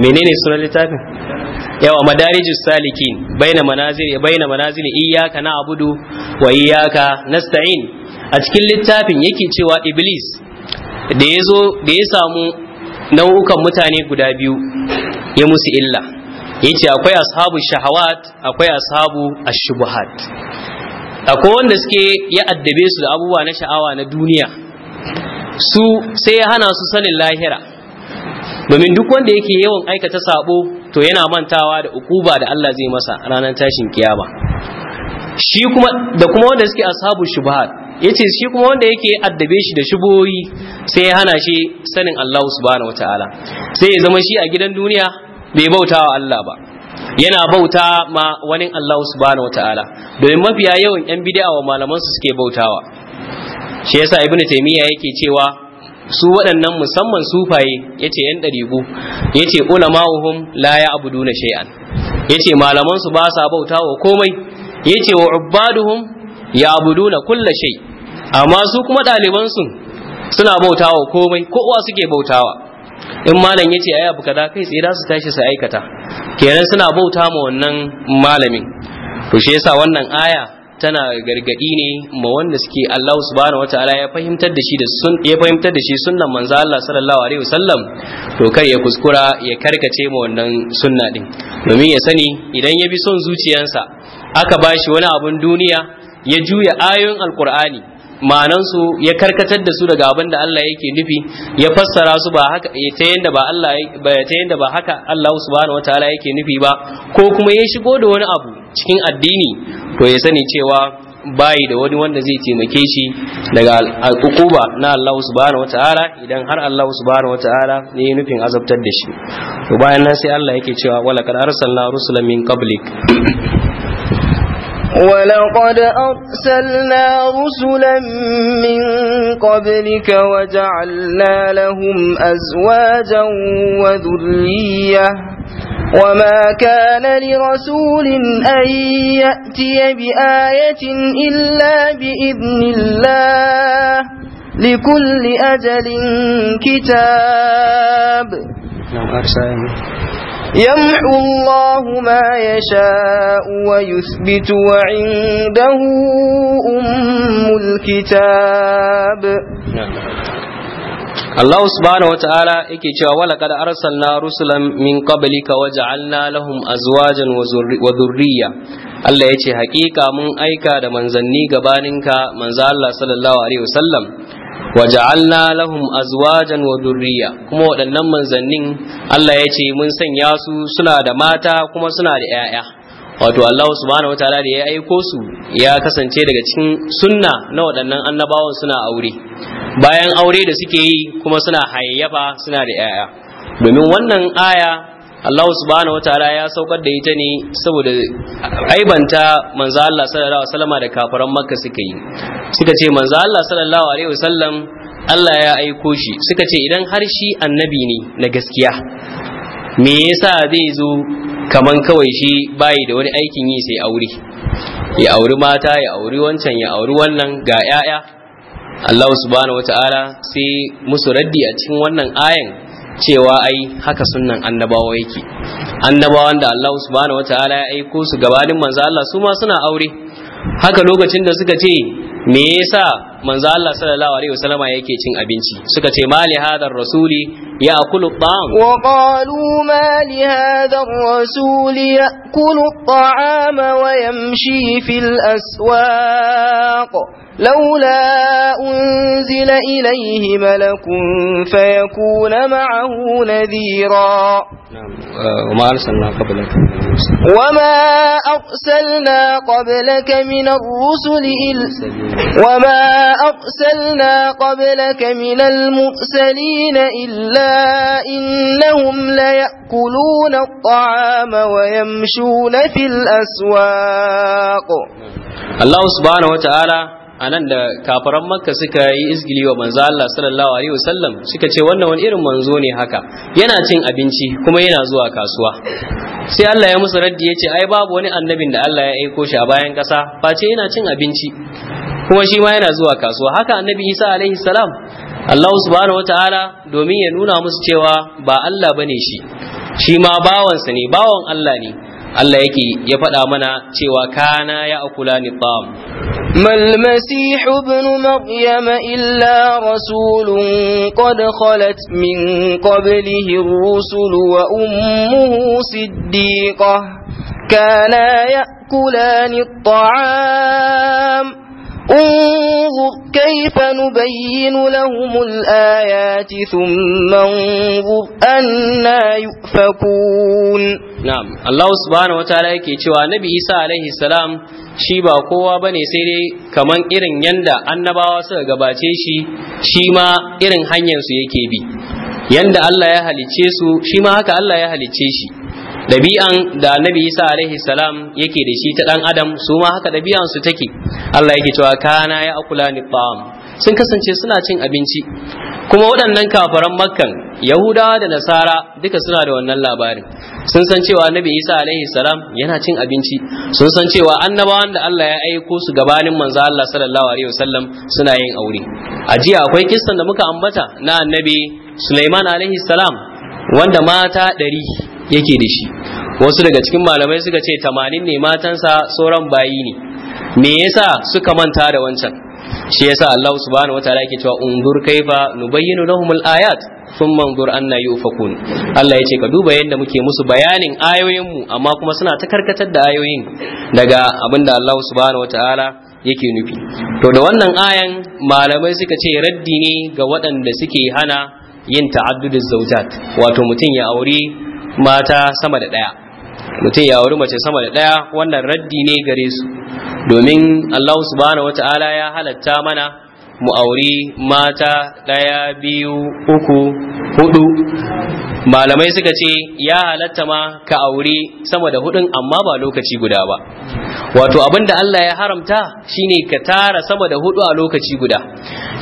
menene sunan littafin yawa madarijus salikin baina manazili baina manazili iyaka na abudu wa iyaka nasta'in a cikin littafin yake cewa iblis da ya zo da ya samu nau'ukan mutane guda biyu ya musu illa yace akwai ashabu shahawat akwai ashabu ashubuhat. akwai wanda suke ya addabe su da abubuwa na sha'awa na duniya su sai ya hana su sanin lahira domin duk wanda yake yawan aikata sabo to yana mantawa da ukuba da Allah zai masa ranar tashin kiyama shi kuma da kuma wanda suke ashabu shubhat yace shi kuma wanda yake addabe shi da shuboyi sai ya hana shi sanin Allah subhanahu wataala sai ya zama shi a gidan duniya bai bautawa Allah ba yana bauta ma wani Allah subhanahu wataala domin mafiya yawan yan bid'a wa malaman suke bautawa shi yasa ibnu taymiya yake cewa su waɗannan musamman sufaye yace yan ɗarigu yace ulama'uhum la ya'buduna shay'an yace malaman su ba sa bautawa komai yace wa ubbaduhum na kulla shay amma su kuma ɗaliban su suna bautawa komai kowa suke bautawa in malam ya ce ayi abu kaza kai tsaye za su tashi su aikata kenan suna bauta ma wannan malamin to shi yasa wannan aya tana gargadi ne ma wanda suke Allah subhanahu wataala ya fahimtar da shi da sun ya fahimtar da shi sunnan manzo Allah sallallahu alaihi wasallam to kai ya kuskura ya karkace ma wannan sunna din domin ya sani idan ya bi son zuciyarsa aka bashi wani abun duniya ya juya ayoyin alqur'ani su ya karkatar da su daga abin da Allah yake nufi ya fassara su ba haka ta yanda ba Allah ta yanda ba haka Allah subhanahu wataala yake nufi ba ko kuma ya shigo da wani abu cikin addini to ya sani cewa bayi da wani wanda zai taimake shi daga al'ukuba na Allah subhanahu wataala idan har Allah subhanahu wataala ne ya nufin azabtar da shi to bayan nan sai Allah yake cewa wala kad arsalna rusulan min qablik ولقد أرسلنا رسلا من قبلك وجعلنا لهم أزواجا وذرية وما كان لرسول أن يأتي بآية إلا بإذن الله لكل أجل كتاب نعم أرسلنا يمحو الله ما يشاء ويثبت وعنده أم الكتاب الله سبحانه وتعالى yake cewa walaqad arsalna rusulan min qablika waja'alna lahum azwajan wa dhurriyya Allah yace hakika mun aika da manzanni gabaninka manzo sallallahu alaihi wasallam waja'alna lahum azwajan wa dhurriya kuma waɗannan manzannin Allah ya ce mun sanya su suna da mata kuma suna da 'ya'ya wato Allah subhanahu wataala da ya aiko su ya kasance daga cikin sunna na waɗannan annabawan suna aure bayan aure da suke yi kuma suna hayayyafa suna da 'ya'ya domin wannan aya Allah subhanahu ta'ala ya saukar da ita ne saboda aibanta manzo Allah sallallahu alaihi wasallam da kafiran Makka suka yi suka ce manzo Allah sallallahu alaihi wasallam Allah ya aiko shi suka ce idan har shi annabi ne na gaskiya me yasa zai zo kaman kawai shi bayi da wani aikin yi sai aure ya auri mata ya auri wancan ya auri wannan ga 'ya'ya Allah subhanahu ta'ala sai musu raddi a cikin wannan ayan cewa ai haka sunnan annabawa yake annabawan da Allah subhanahu wataala ya aiko su gabanin manzo Allah su ma suna aure haka lokacin da suka ce me yasa manzo Allah sallallahu alaihi wasallam yake cin abinci suka ce mali hadar rasuli ya akulu ta'am wa qalu mali hadar rasuli ya akulu ta'ama wa yamshi fil aswaq laula unzila ilayhi malakun fayakuna ma'ahu nadhira na'am wa ma arsalna qablaka وما أرسلنا قبلك من الرسل إلا وما أرسلنا قبلك من المرسلين إلا إنهم ليأكلون الطعام ويمشون في الأسواق الله سبحانه وتعالى a nan da kafaran makka suka yi izgili wa manzo Allah sallallahu alaihi wasallam suka ce wannan wani irin manzo ne haka yana cin abinci kuma yana zuwa kasuwa sai Allah ya musu raddi yace ai babu wani annabin da Allah ya aiko shi a bayan kasa face yana cin abinci kuma shi ma yana zuwa kasuwa haka annabi Isa alaihi salam Allah subhanahu wataala domin ya nuna musu cewa ba Allah bane shi shi ma bawansa ne bawan Allah ne Allah yake ya faɗa mana cewa kana ya akula ni ta'am mal masih ibn illa rasulun qad khalat min qablihi rusul wa ummuhu siddiqah kana ya'kulani at-ta'am انظر كيف نبين لهم الآيات ثم انظر أنا يؤفكون نعم الله سبحانه وتعالى yake cewa نبي Isa alaihi salam shi ba kowa bane sai dai kaman irin yanda annabawa suka gabace shi shi ma irin hanyar su yake bi yanda Allah ya halice su shi ma haka Allah ya halice shi ɗabi'an da annabi isa alaihi salam yake da shi ta ɗan adam su ma haka ɗabi'an su take allah yake cewa kana ya akula ni ta'am sun kasance suna cin abinci kuma waɗannan kafaran makkan yahudawa da nasara duka suna da wannan labarin sun san cewa annabi isa alaihi salam yana cin abinci sun san cewa annabawan da allah ya aiko su gabanin manzo allah sallallahu alaihi wasallam suna yin aure a jiya akwai kissan da muka ambata na annabi sulaiman alaihi salam wanda mata ɗari yake da shi wasu daga cikin malamai suka ce tamanin ne matansa sauran bayi ne me yasa suka manta da wancan shi yasa Allah subhanahu wataala yake cewa undur kaifa nubayyinu lahum al-ayat thumma undur anna yufakun Allah yace ka duba yadda muke musu bayanin ayoyin mu amma kuma suna ta karkatar da ayoyin daga abinda Allah subhanahu wataala yake nufi to da wannan ayan malamai suka ce raddi ne ga waɗanda suke hana yin ta'addudin zaujat wato mutum ya aure mata sama da ɗaya mutum ya wuri mace sama da ɗaya wannan raddi ne gare su domin Allah subhanahu wata'ala ya halatta mana mu auri mata ɗaya biyu uku hudu malamai suka ce ya halatta ma ka auri sama da hudun amma ba lokaci guda ba wato abinda Allah ya haramta shine ka tara sama da hudu a lokaci guda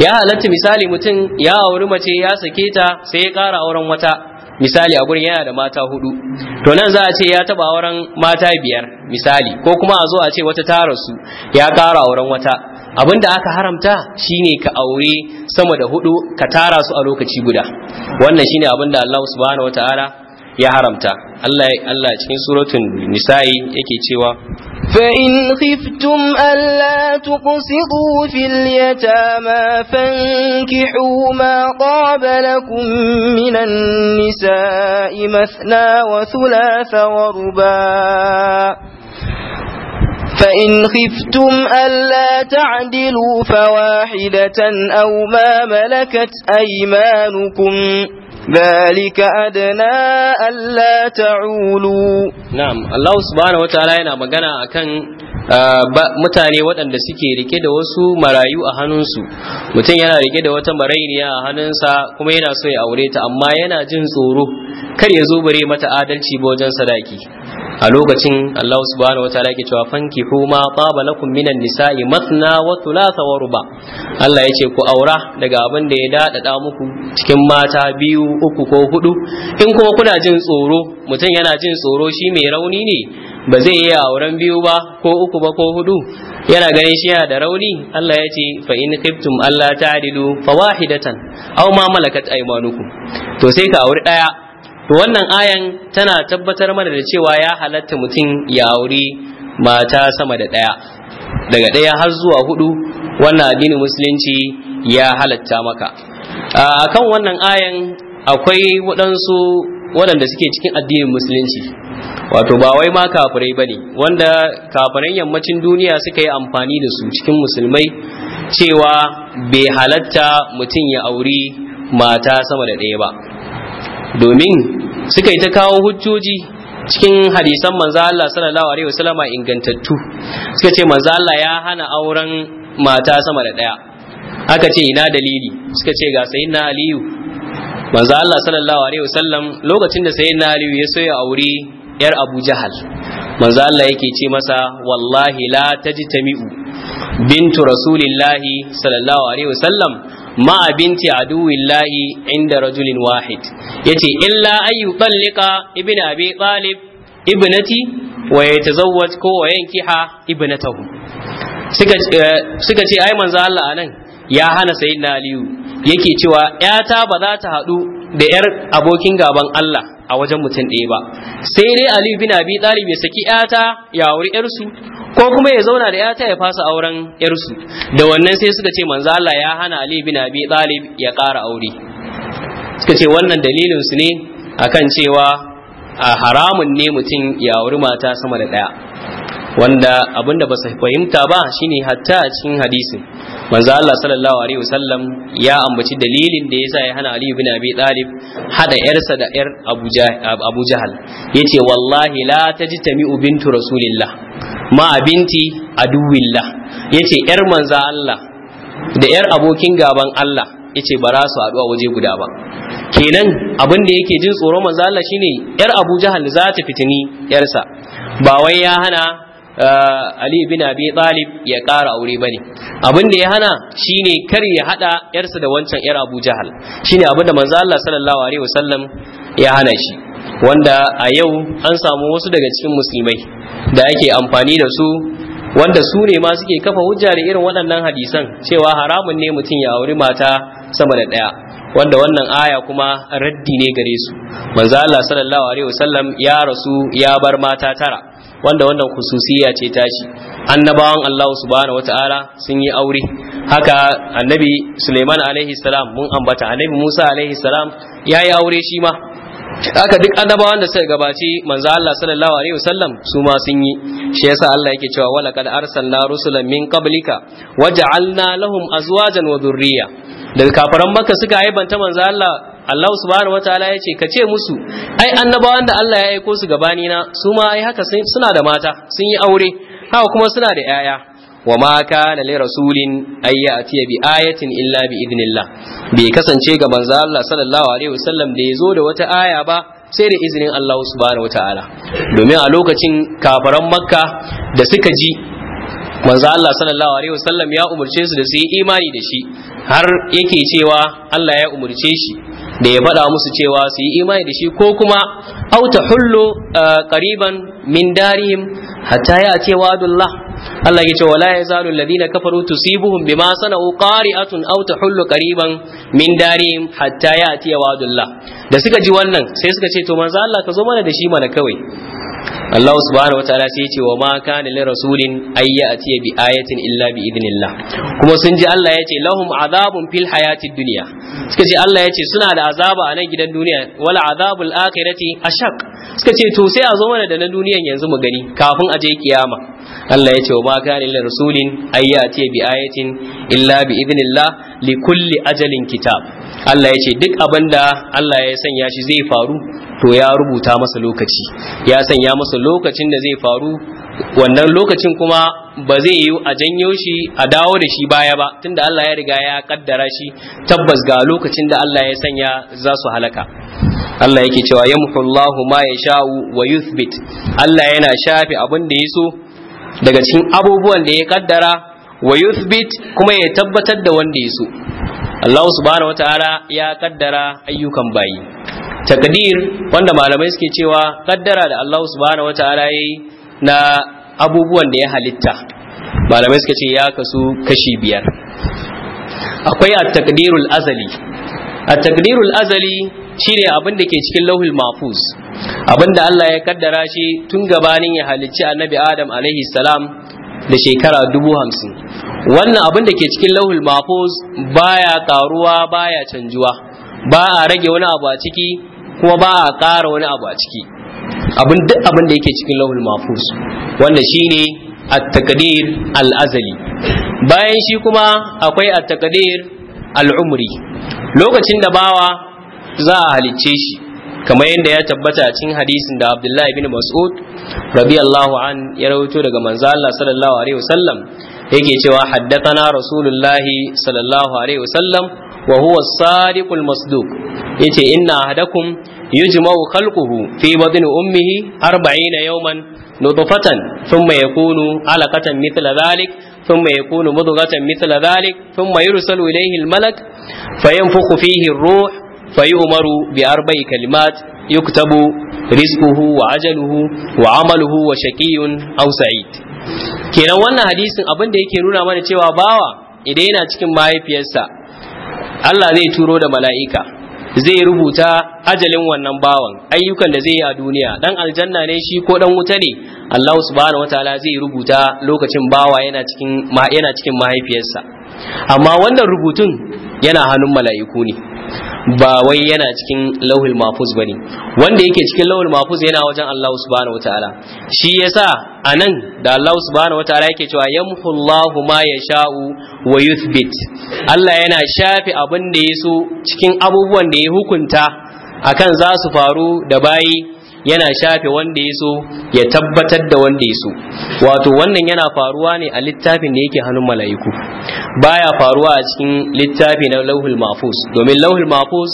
ya halatta misali mutum ya auri mace ya sake ta sai ya ƙara auren wata misali a gurin yana da mata hudu to nan za a ce ya taba auren mata biyar misali ko kuma a zo a ce wata ta rasu ya kara auren wata abin da aka haramta shine ka aure sama da hudu ka tara su a lokaci guda wannan shine abin da Allah subhanahu wataala ya haramta Allah Allah cikin suratul nisa'i yake cewa fa in khiftum alla tuqsitu fil yatama fankihu ma qaba lakum minan nisa'i mathna wa thulatha wa ruba' فإن خفتم ألا تعدلوا فواحدة أو ما ملكت أيمانكم ذلك أدنى ألا تعولوا نعم الله سبحانه وتعالى yana magana kan mutane waɗanda suke rike da wasu marayu a hannunsu mutum yana rike da wata marainiya a hannunsa kuma yana so ya aure ta amma yana jin tsoro kar ya zo bare mata adalci ba wajen sadaki a lokacin Allah subhanahu wataala yake cewa fanki ma taba lakum minan nisa'i masna wa thulatha wa ruba Allah yace ku aura daga abin da ya dadada muku cikin mata biyu uku ko hudu in kuma kuna jin tsoro mutum yana jin tsoro shi mai rauni ne ba zai iya auren biyu ba ko uku ba ko hudu yana ganin shi yana da rauni Allah ya ce fa in khiftum alla ta'dilu wahidatan. aw ma malakat aymanukum to sai ka auri daya to wannan ayan tana tabbatar mana da cewa ya halatta mutum ya aure mata sama da ɗaya daga ɗaya har zuwa hudu wannan addinin musulunci ya halatta maka a kan wannan ayan akwai waɗansu waɗanda suke cikin addinin musulunci wato ba wai ma kafirai ba ne wanda kafiran yammacin duniya suka yi amfani da su cikin musulmai cewa bai halatta mutum ya auri mata sama da ɗaya ba domin suka yi ta kawo hujjoji cikin hadisan manzo Allah sallallahu alaihi wasallam ingantattu suka ce manzo Allah ya hana auren mata sama da daya aka ce ina dalili suka ce ga sayyidina Aliyu manzo Allah sallallahu alaihi wasallam lokacin da sayyidina Aliyu ya ya aure yar Abu Jahal manzo Allah yake ce masa wallahi la tajtami'u bintu rasulillahi sallallahu alaihi wasallam ma binti aduwillahi inda rajulin wahid yace illa ayu tallika ibn abi talib ibnati wa yatazawwaj ko wa yankiha ibnatahu suka eh, suka ce ai manzo Allah anan ya hana sayyidina aliyu yake cewa yata ba za ta hadu da yar abokin gaban Allah a wajen mutum ɗaya ba sai dai ali bin abi talib ya saki yata ya auri yarsu ko kuma ya zauna da yata ya fasa auren yarsu da wannan sai suka ce manzo Allah ya hana ali bin abi talib ya ƙara aure suka ce wannan dalilin su ne akan cewa a haramun ne mutum ya auri mata sama da ɗaya wanda abinda ba su fahimta ba shine hatta a cikin hadisin manzo Allah sallallahu alaihi wasallam ya ambaci dalilin da ya sa ya hana Ali ibn Abi Talib hada yarsa da yar Abu Jahal yace wallahi la tajtami'u bintu rasulillah ma binti aduwillah yace yar manzo Allah da yar abokin gaban Allah yace ba za su haɗu a waje guda ba kenan abin da yake jin tsoro Manzala Allah shine yar Abu Jahal za ta fitini yarsa ba wai ya hana Ali bin Abi Talib ya kara aure bane abin da ya hana shine kar ya hada yarsa da wancan yar Abu Jahal shine abin da manzo Allah sallallahu alaihi wasallam ya hana shi wanda a yau an samu wasu daga cikin musulmai da ake amfani da su wanda su ne ma suke kafa hujja da irin waɗannan hadisan cewa haramun ne mutum ya auri mata sama da ɗaya wanda wannan aya kuma raddi ne gare su manzo Allah sallallahu alaihi wasallam ya rasu ya bar mata tara wanda wannan khususiyya ce tashi annabawan Allah subhanahu wataala sun yi aure haka annabi Suleiman alaihi salam mun ambata annabi Musa alaihi salam ya yi aure shi ma haka duk annabawan da suka gabaci manzo Allah sallallahu alaihi wasallam su ma sun yi shi yasa Allah yake cewa wala kad arsalna rusulan min qablika waja'alna lahum azwajan wa dhurriyya da kafaran makka suka aibanta manzo Allah Allah subhanahu ta'ala ya ce ka ce musu ai annabawan da Allah ya aiko su gabani na su ma ai haka suna da mata sun yi aure haka kuma suna da yaya wa ma kana li rasulin ay ya'ti bi ayatin illa bi idnillah bai kasance ga manzo Allah sallallahu alaihi wasallam da yazo da wata aya ba sai da izinin Allah subhanahu ta'ala domin a lokacin kafaran makka da suka ji manzo Allah sallallahu alaihi wasallam ya umurce su da su yi imani da shi har yake cewa Allah ya umurce shi da ya faɗa musu cewa su yi imani da shi ko kuma au ta hullu uh, qariban min darihim hatta ya ce wa'adullah Allah ya ce wala yazalu alladhina kafaru tusibuhum bima sana'u qari'atun aw hullu qariban min darihim hatta ya ce wa'adullah da suka ji wannan sai suka ce to manzo Allah ka zo mana da shi mana kawai Allah subhanahu wataala sai ya ce wa ma kana li rasulin ay ya'ti bi ayatin illa bi idnillah kuma sun ji Allah ya ce lahum azabun fil hayati dunya suka ce Allah ya ce suna da azaba a nan gidan duniya wala azabul akhirati ashaq suka ce to sai a zo mana da na duniyan yanzu mu gani kafin a je kiyama Allah ya ce wa ma lil rasulin ayyati bi ayatin illa bi idnillah li kulli ajalin kitab Allah ya ce duk abinda Allah ya sanya shi zai faru to ya rubuta masa lokaci ya sanya masa lokacin da zai faru wannan lokacin kuma ba zai yi a janyo shi a dawo da shi baya ba tunda Allah ya riga ya kaddara shi tabbas ga lokacin da Allah ya sanya za su halaka Allah yake cewa yamhu Allahu ma yasha'u wa yuthbit Allah yana shafi abin da ya so daga cikin abubuwan da ya kaddara wa yuthbit kuma ya tabbatar da wanda ya so Allah subhanahu wataala ya kaddara ayyukan bayi takdir wanda malamai suke cewa kaddara da Allah subhanahu wataala yayi na abubuwan da ya halitta malamai suka ce ya kasu kashi biyar akwai at-taqdirul azali A taqdirul azali shine abin da ke cikin lauhul mahfuz abin da Allah ya kaddara shi tun gabanin ya halicci annabi Adam alaihi salam da shekara dubu hamsin wannan abin da ke cikin lauhul mahfuz baya karuwa baya canjuwa ba a rage wani abu a ciki kuma ba a ƙara wani abu a ciki abin duk abin da yake cikin lauhul mahfuz wanda shine at-taqdir al-azali bayan shi kuma akwai at-taqdir al lokacin da bawa za a halicce shi kamar yadda ya tabbata a cikin hadisin da Abdullahi bin Mas'ud radiyallahu an ya rawaito daga manzo Allah sallallahu alaihi wasallam yake cewa haddathana rasulullahi sallallahu alaihi wasallam wa huwa as-sadiqul masduq yace inna ahadakum yujma'u khalquhu fi batni ummihi 40 yawman نطفة ثم يكون علقة مثل ذلك ثم يكون مضغة مثل ذلك ثم يرسل إليه الملك فينفخ فيه الروح فيؤمر بأربع كلمات يكتب رزقه وعجله وعمله وشقي أو سعيد kenan wannan hadisin abin da yake nuna mana cewa bawa idan yana cikin mahaifiyarsa Allah zai turo da mala'ika zai rubuta ajalin wannan bawan ayyukan da zai yi a duniya dan aljanna ne shi ko dan wuta ne Allah subhanahu wataala zai rubuta lokacin bawa yana cikin yana cikin mahaifiyarsa amma wannan rubutun yana hannun mala'iku ne ba wai yana cikin lauhul mafuz ba ne wanda yake cikin lauhul mafuz yana wajen Allah subhanahu wataala shi yasa nan da Allah subhanahu wataala yake cewa yamhu Allahu ma yasha'u wa yuthbit Allah yana shafi abin da ya so cikin abubuwan da ya hukunta akan za su faru da bayi yana shafe wanda ya so ya tabbatar da wanda ya so wato wannan yana faruwa ne a littafin da yake hannun mala'iku baya faruwa a cikin littafi na lauhul mafus domin lauhul mafus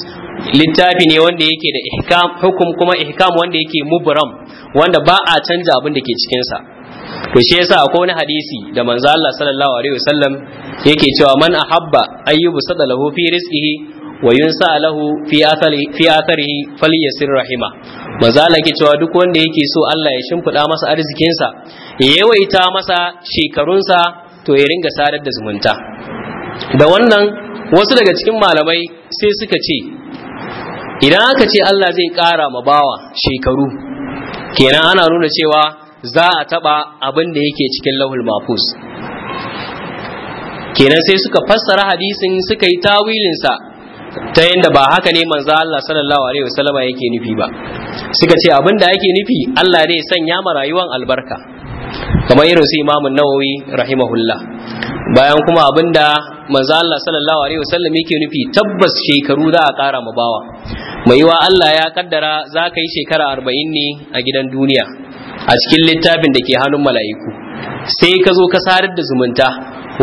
littafi ne wanda yake da ihkam hukum kuma ihkam wanda yake mubram wanda ba a canja abin da ke cikin sa to shi yasa akwai wani hadisi da manzo Allah sallallahu alaihi wasallam yake cewa man ahabba ayyubu sadalahu fi rizqihi wa yunsa lahu fi athari fi athari rahima manzo cewa duk wanda yake so Allah ya shimfida masa arzikin sa yawaita masa shekarun sa to ya ringa sadar da zumunta da wannan wasu daga cikin malamai sai suka ce idan aka ce Allah zai kara ma bawa shekaru kenan ana nuna cewa za a taba abin da yake cikin lahul mafus kenan sai suka fassara hadisin suka yi tawilinsa ta yadda ba haka ne manzo Allah sallallahu alaihi wasallam yake nufi ba suka ce abinda da yake nufi Allah ne sanya ma rayuwar albarka kamar irin su Imam Nawawi rahimahullah bayan kuma abinda da Allah sallallahu alaihi wasallam yake nufi tabbas shekaru za a ƙara ma bawa mai wa Allah ya kaddara za ka yi shekara arba'in ne a gidan duniya a cikin littafin da ke hannun mala'iku sai ka zo ka sadar da zumunta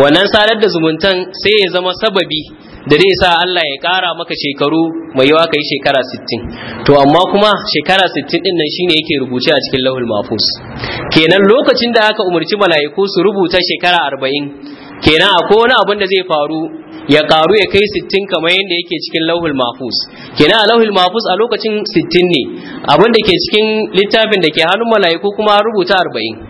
wannan sadar da zumuntan sai ya zama sababi da zai sa Allah ya ƙara maka shekaru mai yawa kai shekara 60 to amma kuma shekara 60 din nan shine yake rubuce a cikin lahul mahfuz kenan lokacin da aka umarci mala'iku su rubuta shekara 40 kenan akwai wani abin da zai faru ya karu ya kai sittin kamar yadda yake cikin lauhul mafus kenan a lauhul mafus a lokacin sittin ne abin da ke cikin littafin da ke hannun mala'iku kuma rubuta arba'in.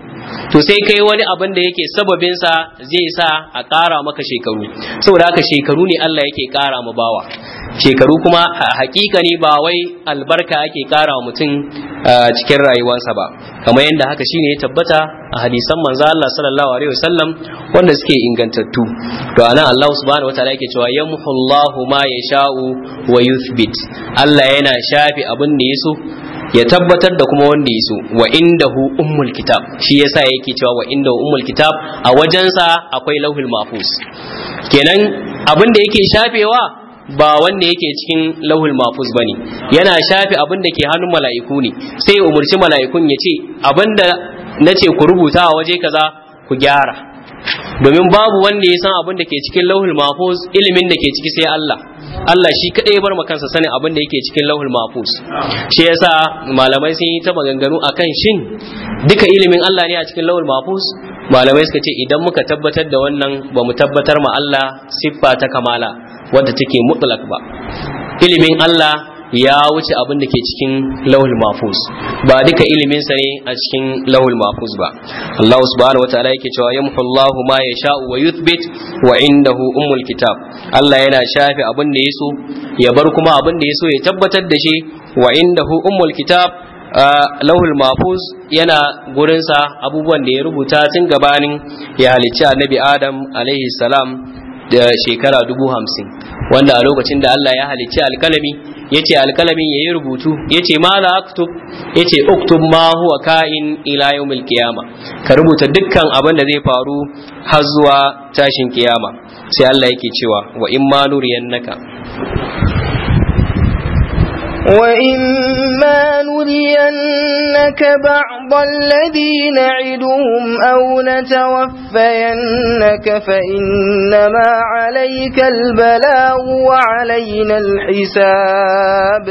to sai kai wani abin da yake sababin sa zai sa a ƙara maka shekaru saboda haka shekaru ne Allah yake kara mu bawa shekaru kuma hakika ne ba wai albarka ake ƙara wa mutum cikin rayuwarsa ba kamar yadda haka shine ya tabbata a hadisan manzo Allah sallallahu alaihi wasallam wanda suke ingantattu to anan Allah subhanahu wataala yake cewa yamhu Allahu ma yasha'u wa yuthbit Allah yana shafi abin da yaso ya tabbatar da kuma wanda ya so wa indahu ummul kitab shi yasa yake cewa wa indahu ummul kitab a wajensa akwai lauhul mahfuz kenan abin da yake shafewa ba wanda yake cikin lauhul mahfuz bane yana shafe abin da ke hannun mala'iku ne sai umurci mala'ikun ya ce abin da nace ku rubuta a waje kaza ku gyara domin babu wanda ya san abin da ke cikin lauhul mahfuz ilimin da ke ciki sai Allah Allah shi kadai ya bar kansa sanin abin da yake cikin lauhul mahfuz shi yasa malamai sun yi ta maganganu akan shin duka ilimin Allah ne a cikin lauhul mahfuz malamai suka ce idan muka tabbatar da wannan ba mu tabbatar ma Allah siffa ta kamala wanda take mutlak ba ilimin Allah ya wuce abin da ke cikin lahul mafus ba duka ilimin sa ne a cikin lahul mafus ba Allah subhanahu wataala yake cewa yamhullahu Allahu ma yasha'u wa yuthbit wa indahu umul kitab Allah yana shafe abin da yaso ya bar kuma abin da yaso ya tabbatar da shi wa indahu ummul kitab lahul mafus yana gurinsa abubuwan da ya rubuta tun gabanin ya halicci annabi adam alaihi salam da shekara dubu hamsin wanda a lokacin da Allah ya halicci alkalami yace alkalamin yayi rubutu yace mala aktub yace uktub ma huwa ka'in ila yawmil qiyama ka rubuta dukkan abin da zai faru har zuwa tashin kiyama sai Allah yake cewa wa in ma nuriyannaka وإما نرينك بعض الذي نعدهم أو نتوفينك فإنما عليك البلاغ وعلينا الحساب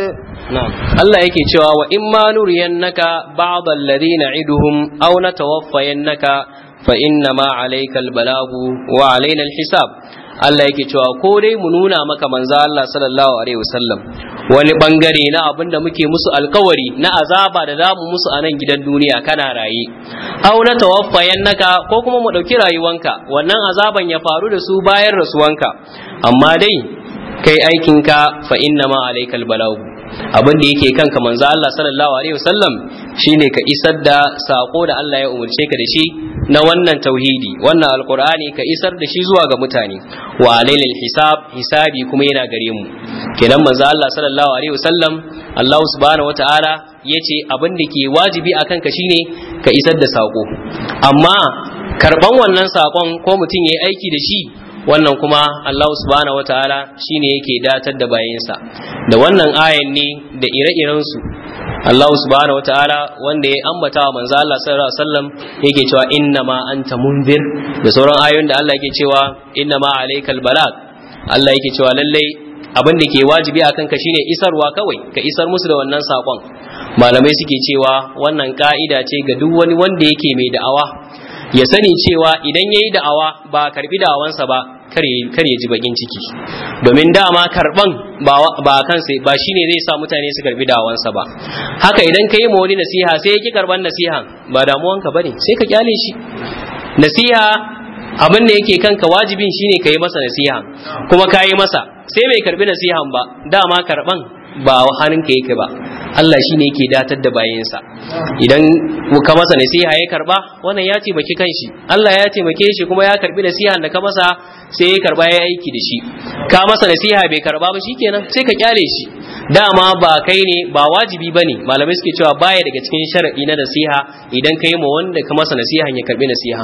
نعم الله يكي cewa wa imma nuriyannaka ba'd alladhina na'iduhum aw natawaffayannaka fa innama alayka albalaghu wa alayna alhisab Allah yake cewa ko dai mu nuna maka manzo Allah sallallahu alaihi wasallam wani bangare na abin da muke musu alkawari na azaba da zamu musu a nan gidan duniya kana raye au na tawaffayannaka ko kuma mu dauki rayuwanka wannan azaban ya faru da su bayan rasuwanka amma dai kai aikinka fa inna ma alaikal balagu abin da yake kanka manzo Allah sallallahu alaihi wasallam shine ka isar da sako da Allah ya umurce ka da shi na wannan tauhidi wannan alqur'ani ka isar da shi zuwa ga mutane wa alailil hisab hisabi kuma yana gare mu kenan manzo Allah sallallahu alaihi wasallam Allah subhanahu wataala yace abin da ke wajibi akan ka shine ka isar da sako amma karban wannan sakon ko mutum yayi aiki da shi wannan kuma Allah subhanahu wataala shine yake datar da bayansa da wannan ayan ne da ire-iren su Allah subhanahu wataala wanda ya ambata wa manzo Allah sallallahu alaihi wasallam yake cewa inna ma anta munzir da sauran ayoyin da Allah yake cewa inna ma alaikal balag Allah yake cewa lallai abin da ke wajibi a kanka shine isarwa kawai ka isar musu da wannan sakon malamai suke cewa wannan ka'ida ce ga duk wani wanda yake mai da'awa ya sani cewa idan yayi da'awa ba karbi da'awansa ba kare ji bakin ciki domin dama karban ba kansa ba shine zai sa mutane su karbi da'awansa ba haka idan ka yi wani nasiha sai ki karban nasiha ba damuwanka bane sai ka kyale shi nasiha abin da yake kanka wajibin shine ka yi masa nasiha kuma ka yi masa sai mai karbi nasihan ba dama karban ba hannunka yake ba Allah shi ne yake datar da bayansa idan ka masa nasiha ya karba wannan ya taimaki kanshi Allah ya taimake shi kuma ya karbi nasiha da ka masa sai ya karba ya aiki da shi ka masa nasiha bai karba ba shi kenan sai ka kyale shi dama ba kai ne ba wajibi bane malamai suke cewa baya daga cikin sharadi na nasiha idan ka yi ma wanda ka masa nasiha ya karbi nasiha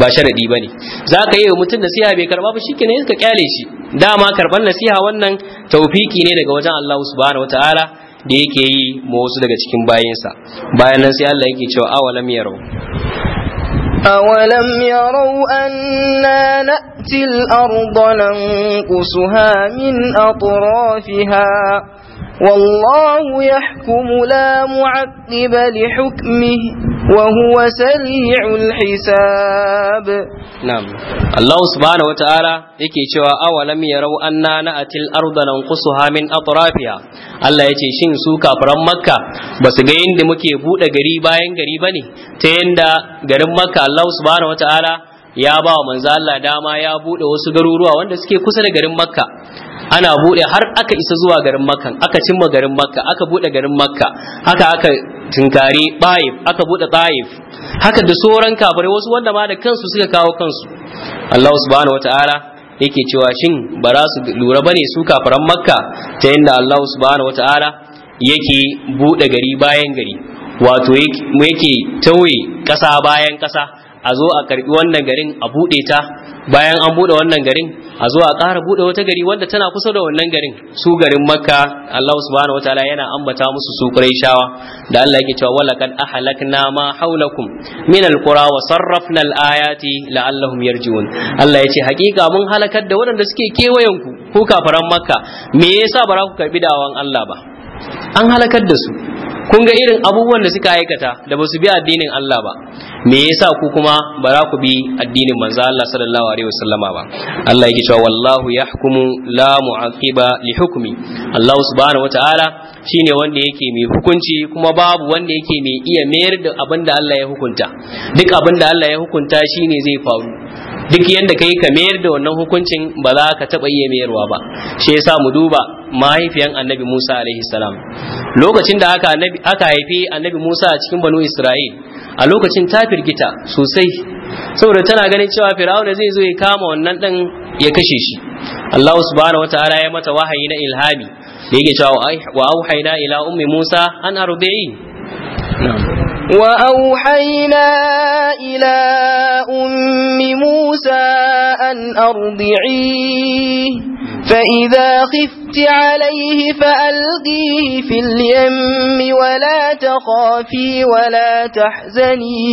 ba sharadi bane za ka yi wa mutum nasiha bai karba ba kenan ka kyale shi dama karban nasiha wannan taufiki ne daga wajen Allah subhanahu wataala da yake yi ma wasu daga cikin bayinsa bayan nan sai Allah yake cewa awalam yaro أولم يروا أنا نأتي الأرض ننقصها من أطرافها والله يحكم لا معقب لحكمه وهو سريع الحساب نعم الله سبحانه وتعالى yake cewa awalam yarau anna na'atil arda nanqusuha min atrafiha Allah yace shin su kafiran Makka basu ga yanda muke buɗe gari bayan gari bane ta yanda garin Makka Allah subhanahu wataala ya ba wa Allah dama ya buɗe wasu garuruwa wanda suke kusa da garin Makka ana buɗe har aka isa zuwa garin makka aka cimma garin makka aka bude garin makka haka aka tinkari taif aka bude taif haka da sauran kafirai wasu wanda ma da kansu suka kawo kansu Allah subhanahu wataala yake cewa shin ba za su lura bane su kafiran makka ta yadda Allah subhanahu wataala yake bude gari bayan gari wato yake tauye ƙasa bayan kasa a zo a karɓi wannan garin a buɗe ta bayan an buɗe wannan garin a zuwa a ƙara buɗe wata gari wanda tana kusa da wannan garin su garin makka Allah subhanahu wataala yana ambata musu su quraishawa da Allah yake cewa walaqad ahlakna ma haulakum min alqura wa sarrafna alayati la'allahum yarji'un Allah yace hakika mun halakar da waɗanda suke kewayen ku ku kafaran makka me yasa ba ku karbi dawan Allah ba an halakar da su kun ga irin abubuwan da suka aikata da ba su bi addinin Allah ba me yasa ku kuma ba za ku bi addinin manzo Allah sallallahu alaihi wasallama ba Allah yake cewa wallahu yahkumu la mu'aqiba li hukmi Allah subhanahu wataala shine wanda yake mai hukunci kuma babu wanda yake mai iya mayar da abinda da Allah ya hukunta duk abin da Allah ya hukunta shine zai faru duk yanda kai ka mayar da wannan hukuncin ba za ka taɓa iya mayarwa ba shi yasa mu duba mahaifiyan annabi Musa alaihi salam lokacin da aka haifi annabi Musa a cikin banu Isra'il a lokacin ta firgita sosai saboda tana ganin cewa fir'aun zai zo ya kama wannan dan ya kashe shi Allah subhanahu wataala ya mata wahayi na ilhami da yake cewa wa auhayna ila ummi Musa an arbi'i وأوحينا إلى أم موسى أن أرضعيه فإذا خفت عليه فألقيه في اليم ولا تخافي ولا تحزني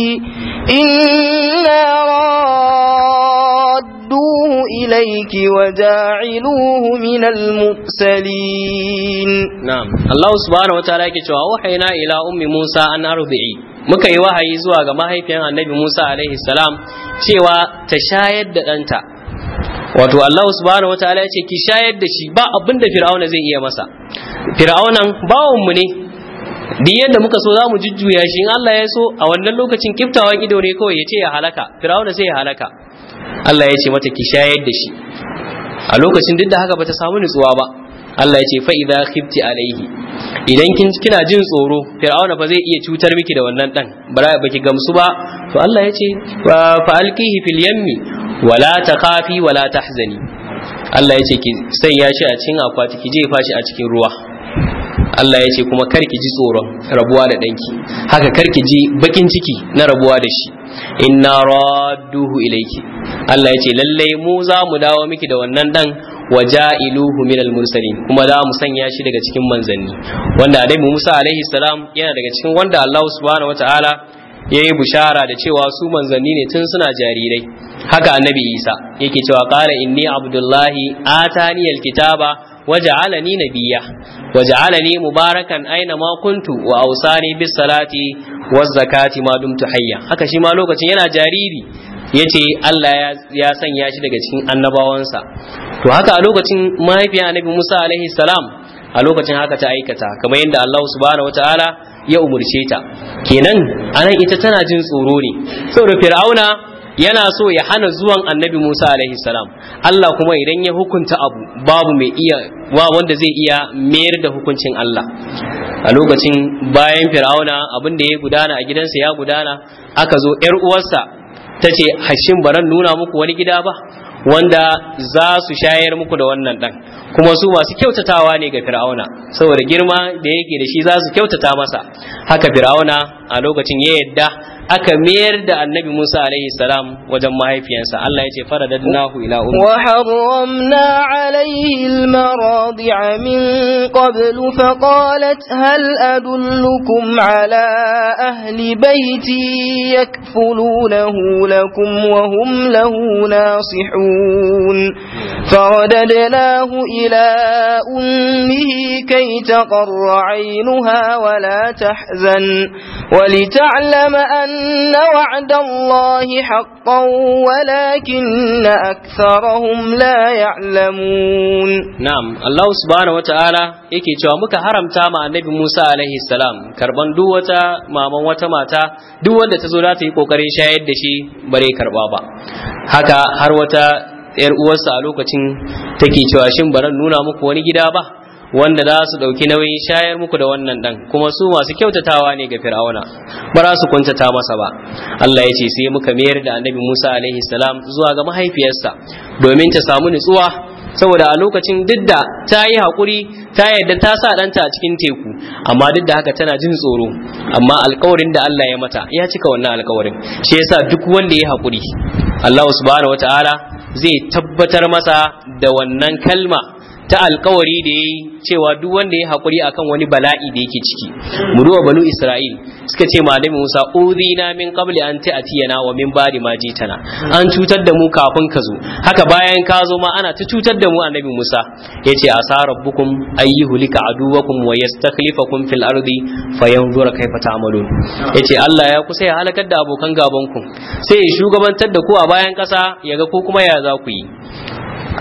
إنا ردوه إليك وجاعلوه من المرسلين نعم الله سبحانه وتعالى كتوى أوحينا إلى أم موسى أن أرضعيه muka yi wahayi zuwa ga mahaifiyan annabi Musa alaihi salam cewa ta shayar da ɗanta wato Allah subhanahu wataala ya ce ki shayar da shi ba abin da fir'auna zai iya masa fir'aunan bawanmu ne duk yadda muka so zamu jujjuya shi in Allah ya so a wannan lokacin kiftawan ido ne kawai ya ce ya halaka fir'auna zai ya halaka Allah ya ce mata ki shayar da shi a lokacin duk da haka ba ta samu nutsuwa ba Allah ya ce fa idza alaihi idan kin kina jin tsoro fir'auna fa zai iya cutar miki da wannan dan bara ki gamsu ba to Allah ya ce fa alqihi fil yammi wala takhafi wala tahzani Allah ya ce ki sanya shi a cikin akwati ki jefa shi a cikin ruwa Allah ya ce kuma kar ki ji tsoron rabuwa da danki haka kar ki ji bakin ciki na rabuwa da shi inna radduhu ilayki Allah ya ce lalle mu za mu dawo miki da wannan dan wa ja'iluhu min al-mursalin kuma za mu sanya shi daga cikin manzanni wanda annabi Musa alaihi salam yana daga cikin wanda Allah subhanahu wataala ya yi bushara da cewa su manzanni ne tun suna jarirai haka annabi Isa yake cewa qala inni abdullahi atani al-kitaba Mubarakan Aina ma kuntu wa اينما bis Salati بالصلاه zakati ma dumtu hayya haka shi ma lokacin yana jariri ya ce Allah ya sanya shi daga cikin annabawansa to haka a lokacin mahaifiyar annabi Musa alaihi salam a lokacin haka ta aikata kamar yadda Allah subhanahu wataala ya umarce ta kenan anan ita tana jin tsoro ne saboda fir'auna yana so ya hana zuwan annabi Musa alaihi salam Allah kuma idan ya hukunta abu babu mai iya wa wanda zai iya mayar da hukuncin Allah a lokacin bayan fir'auna abin da ya gudana a gidansa ya gudana aka zo ƴar uwarsa ta ce hashin baran nuna muku wani gida ba wanda za su shayar muku da wannan dan. kuma su masu kyautatawa ne ga fir'auna saboda girma da yake da shi za su kyautata masa haka fir'auna a lokacin ya yadda aka mayar da annabi Musa alaihi salam wajen mahaifiyansa Allah ya ce faradadnahu ila ummi wa haramna alaihi almaradi'a min qabl fa qalat hal adullukum ala ahli bayti yakfulunahu lakum wa hum lahu nasihun faradadnahu ila ummihi kay taqarra 'aynuha wa la tahzan wa lit'lama an أن وعد الله حقا ولكن أكثرهم لا يعلمون نعم الله سبحانه وتعالى yake cewa muka haramta ma annabi Musa alaihi salam karban duk wata maman wata mata duk wanda ta zo za ta yi kokarin shayar da shi bare karba ba haka har wata yar uwarsa a lokacin take cewa shin baran nuna muku wani gida ba wanda za su ɗauki nauyin shayar muku da wannan ɗan, kuma su masu kyautatawa ne ga fir'auna ba za su kuntata masa ba Allah ya ce sai muka mayar da annabi Musa alaihi salam zuwa ga mahaifiyarsa domin ta samu nutsuwa saboda a lokacin duk ta yi hakuri, ta yarda ta sa ɗanta a cikin teku amma duk haka tana jin tsoro amma alƙawarin da Allah ya mata ya cika wannan alƙawarin shi yasa duk wanda ya haƙuri Allah subhanahu wataala zai tabbatar masa da wannan kalma ta alkawari da yayi cewa duk wanda ya hakuri akan wani bala'i da yake ciki mu duba banu isra'il suka ce malami Musa udhina min qabli an ta'tiyana wa min ba'di ma jitana an cutar da mu kafin ka zo haka bayan ka zo ma ana ta cutar da mu annabi Musa yace asa rabbukum lika aduwakum wa yastakhlifakum fil ardi fayanzura kaifa ta'malun yace Allah ya kusa ya halakar da abokan gaban ku sai ya shugabantar da ku a bayan kasa ya ga ko kuma ya za ku yi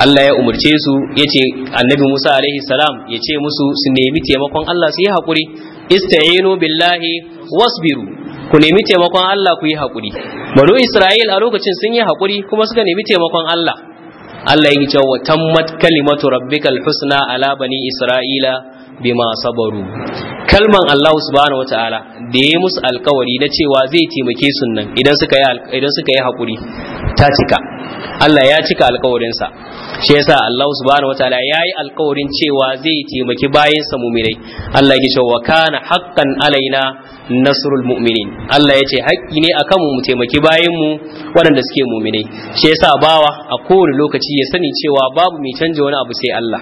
Allah ya umarce su ya ce annabi Musa alaihi salam ya ce musu su nemi taimakon Allah su yi haƙuri ista'inu billahi wasbiru ku nemi taimakon Allah ku yi haƙuri banu Isra'il a lokacin sun yi hakuri kuma suka nemi taimakon Allah Allah ya yi wa tammat kalimatu rabbikal husna ala bani Isra'ila bima sabaru kalman Allah subhanahu wataala da ya musu alkawari na cewa zai taimake su nan idan suka yi idan suka yi haƙuri ta cika Allah ya cika alkawarinsa shi yasa Allah subhanahu wataala yi alkawarin cewa zai taimaki bayansa muminai Allah ya ce wa kana haqqan alaina nasrul mu'minin Allah ya ce haƙƙi ne a kanmu mu taimaki bayanmu waɗanda suke muminai shi yasa bawa a kowane lokaci ya sani cewa babu mai canja wani abu sai Allah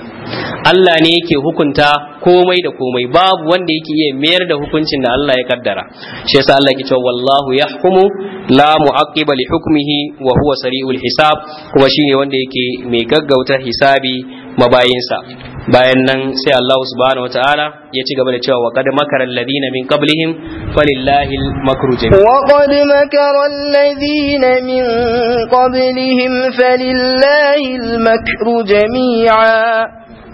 Allah ne yake hukunta komai da komai babu wanda yake iya mayar da hukuncin da Allah ya kaddara shi yasa Allah yake cewa wallahu yahkumu la mu'aqqiba li hukmihi wa huwa sari'ul hisab kuma shine wanda yake mai gaggauta hisabi mabayinsa bayan nan sai Allah subhanahu wataala ya ci gaba da cewa wa qad makara alladhina min qablihim falillahi al-makru jami'a wa qad makara alladhina min qablihim falillahi al-makru jami'a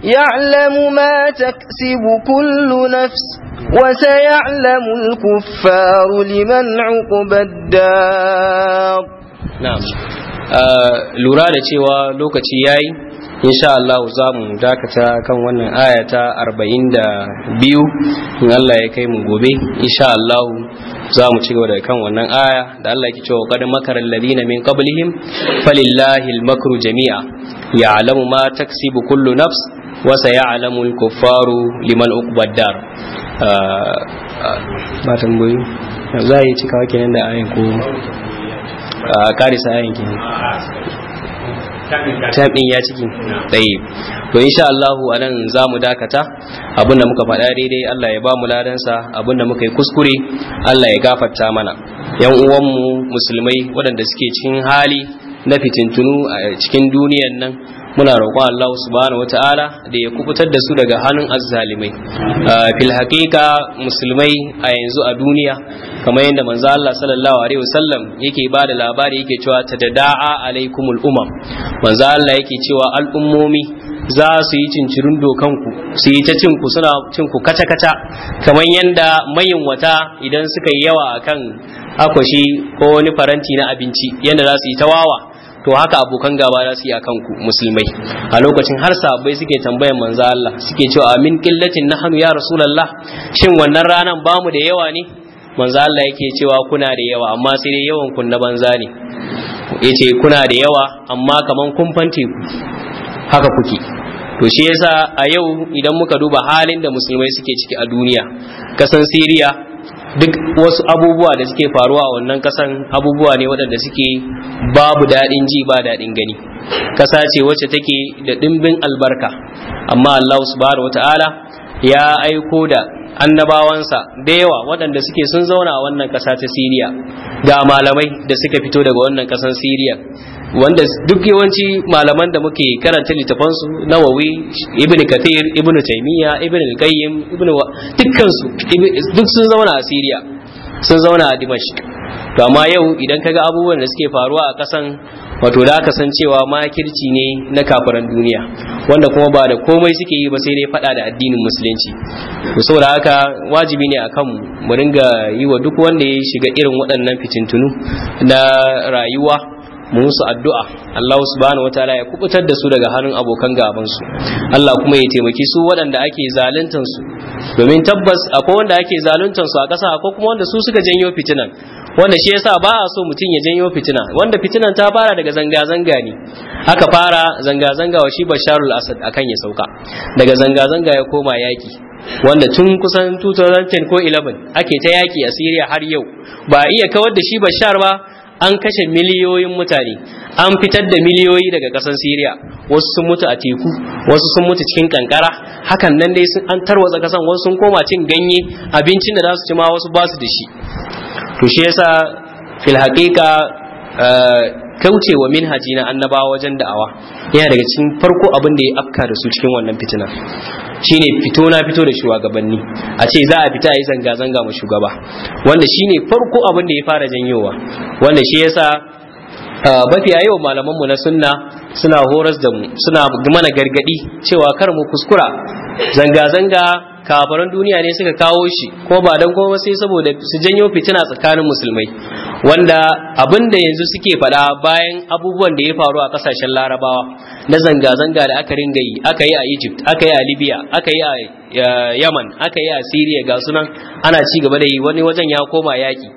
يعلم ما تكسب كل نفس وسيعلم الكفار لمن عقبى الدار نعم lura da cewa lokaci yayi insha Allah za mu dakata kan wannan aya ta arba'in da biyu, in Allah ya kai mu gobe insha Allah za mu cigaba da kan wannan aya da Allah yake cewa qad makara alladhina min qablihim falillahi almakru jami'a ya'lamu ma taksibu kullu nafs wa sayalamu alkuffaru liman uqbad dar ah, ah, ba tambayi za yi cikawa kenan da ayin ko ah, karisa ayin kenan tamin ya ciki tsaye to insha Allah a nan za mu dakata abinda muka faɗa daidai Allah ya ba mu ladansa abinda muka yi kuskure Allah ya gafarta mana yan uwanmu musulmai waɗanda suke cikin hali na fitintunu a cikin duniyar nan muna roƙon Allah subhanahu wata'ala da ya kubutar da su daga hannun azzalimai fil haqiqa musulmai a yanzu a duniya kamar yadda manzo Allah sallallahu alaihi wasallam yake ba da labari yake cewa tadada'a alaikumul umam manzo Allah yake cewa al'ummomi za su yi cincirin dokanku su yi ta cinku suna cinku kata-kata kamar yadda mayin wata idan suka yi yawa akan akwashi ko wani faranti na abinci yadda za su yi ta wawa to haka abokan gaba za su yi akan ku musulmai a lokacin har sabai suke tambayar manzo Allah suke cewa amin qillatin nahnu ya rasulullah shin wannan ranan bamu da yawa ne manzo Allah yake cewa kuna da yawa amma sai dai yawan kun na banza ne yace kuna da yawa amma kaman kun fante ku haka kuke to shi yasa a yau idan muka duba halin da musulmai suke ciki a duniya kasan Siriya duk wasu abubuwa da suke faruwa a wannan kasan abubuwa ne waɗanda suke babu daɗin ji ba daɗin gani kasa ce wacce take da ɗimbin albarka amma Allah subhanahu wata'ala ya aiko da annabawansa da yawa waɗanda suke sun zauna a wannan ƙasa ta siriya ga malamai da suka fito daga wannan ƙasar siriya wanda duk yawanci malaman da muke karanta littafansu nawawi ibn kathir ibn taymiya ibn al-qayyim ibn su duk sun zauna a siriya sun zauna a Dimash, to amma yau idan kaga abubuwan da suke faruwa a kasan wato da aka san cewa makirci ne na kafiran duniya wanda kuma ba da komai suke yi ba sai dai fada da addinin musulunci to saboda haka wajibi ne akan mu mu ringa yi wa duk wanda ya shiga irin waɗannan fitintunu na rayuwa mu musu addu'a Allah subhanahu wataala ya kubutar da su daga hannun abokan gaban su Allah kuma ya taimaki su waɗanda ake zaluntar su domin tabbas akwai wanda ake zaluntar su a ƙasa akwai kuma wanda su suka janyo fitinan wanda shi yasa ba a so mutum ya janyo fitina wanda fitinan ta fara daga zanga-zanga ne aka fara zanga-zanga wa shi basharul asad akan ya sauka daga zanga-zanga ya koma yaki wanda tun kusan 2010 ko 11 ake ta yaki a siriya har yau ba a iya kawar da shi bashar ba an kashe miliyoyin mutane an fitar da miliyoyi daga ƙasar Siriya wasu sun mutu a teku wasu sun mutu cikin kankara hakan nan dai an tarwatsa ƙasan wasu sun koma cin ganye abincin da za su ci ma wasu ba su da shi to shi yasa fil wa minhaji na annabawa wajen da'awa yana daga cikin farko abin da ya afka da su cikin wannan fitina shine fito na fito da shugabanni a ce za a fita a yi zanga-zanga ma shugaba wanda shine farko abin da ya fara janyowa wanda shi yasa mafi yawan malaman mu na sunna suna horas da mu suna mana gargadi cewa kar mu kuskura zanga-zanga kafaran duniya ne suka kawo shi ko ba dan goma sai saboda su janyo fitina tsakanin musulmai wanda abin da yanzu suke faɗa bayan abubuwan da ya faru a kasashen larabawa na zanga-zanga da aka ringa yi aka yi a egypt aka yi a libya aka yi a yaman aka yi a syria ga sunan ana ci gaba da yi wani wajen ya koma yaƙi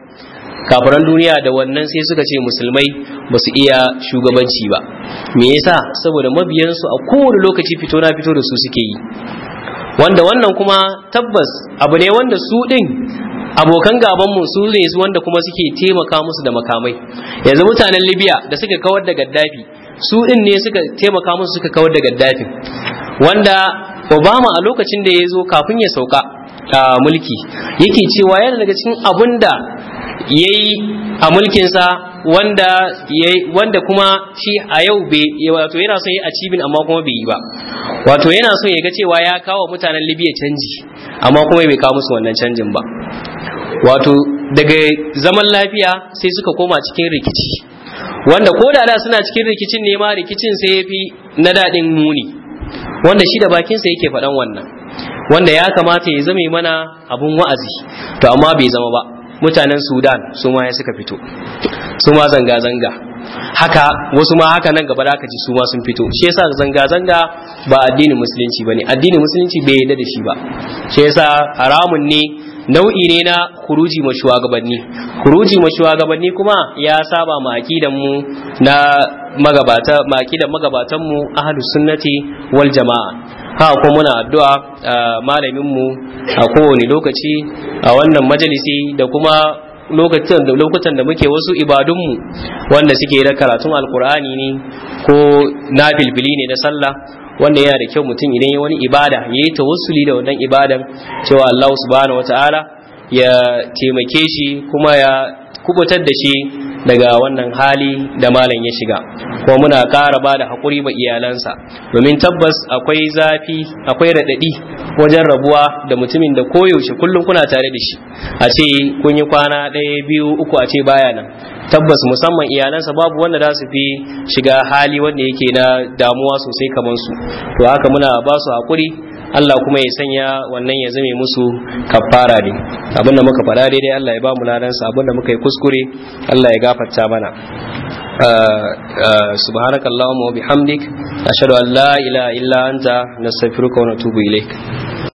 kafiran duniya da wannan sai suka ce musulmai ba su iya shugabanci ba me yasa saboda mabiyansu a kowane lokaci fito na fito da su suke yi wanda wannan kuma tabbas abu ne wanda su din abokan gabanmu su ne su wanda kuma suke taimaka musu da makamai yanzu mutanen libya da suka kawar da gaddafi su din ne suka taimaka musu suka kawar da gaddafi wanda obama a lokacin da ya zo kafin ya sauka a mulki yake cewa yana daga cikin abun da ya yi a mulkinsa wanda wanda kuma shi a yau bai wato yana son yi cibin amma kuma bai yi ba wato yana son ya ga cewa ya kawo mutanen Libya canji amma kuma bai kawo musu wannan canjin ba wato daga zaman lafiya sai suka koma cikin rikici wanda ko da suna cikin rikicin ne ma rikicin sai ya fi na daɗin muni wanda shi da bakinsa yake faɗan wannan wanda ya kamata ya zame mana abun wa'azi to amma bai zama ba mutanen sudan su ma ya suka fito su ma zanga-zanga haka wasu ma haka nan gaba da aka ji su ma sun fito shi yasa zanga-zanga ba addinin musulunci ba ne addinin musulunci bai yadda da shi ba shi yasa haramun ne nau'i ne na kuruji ma shugabanni kuruji ma shugabanni kuma ya saba ma akidan mu na magabata ma akidan magabatan mu ahlus sunnati wal jamaa ha ko muna addu'a malamin mu a kowane lokaci a wannan majalisi da kuma lokutan da muke wasu ibadunmu wanda suke da karatun alkur'ani ne ko na bilbili ne na sallah wanda yana da kyau mutum idan ya wani ibada ya yi tawassuli da wannan ibadan cewa Allah subhanahu wataala ya taimake shi kuma ya kubutar da shi daga wannan hali da malam ya shiga kuma muna ƙara ba da haƙuri ba iyalansa domin tabbas akwai zafi akwai raɗaɗi wajen rabuwa da mutumin da koyaushe kullum kuna tare da shi a ce kun yi kwana ɗaya biyu uku a ce baya nan tabbas musamman iyalansa babu wanda za su fi shiga hali wanda yake na damuwa sosai kamar su to haka muna ba su haƙuri Allah kuma ya sanya wannan ya zame musu kafara ne abinda muka faɗa daidai Allah ya ba mu ladansa abinda muka yi kuskure Allah ya gafarta mana ah, ah, subhanakallahumma wa bihamdik ashhadu an la ilaha illa anta nastaghfiruka wa natubu ilaik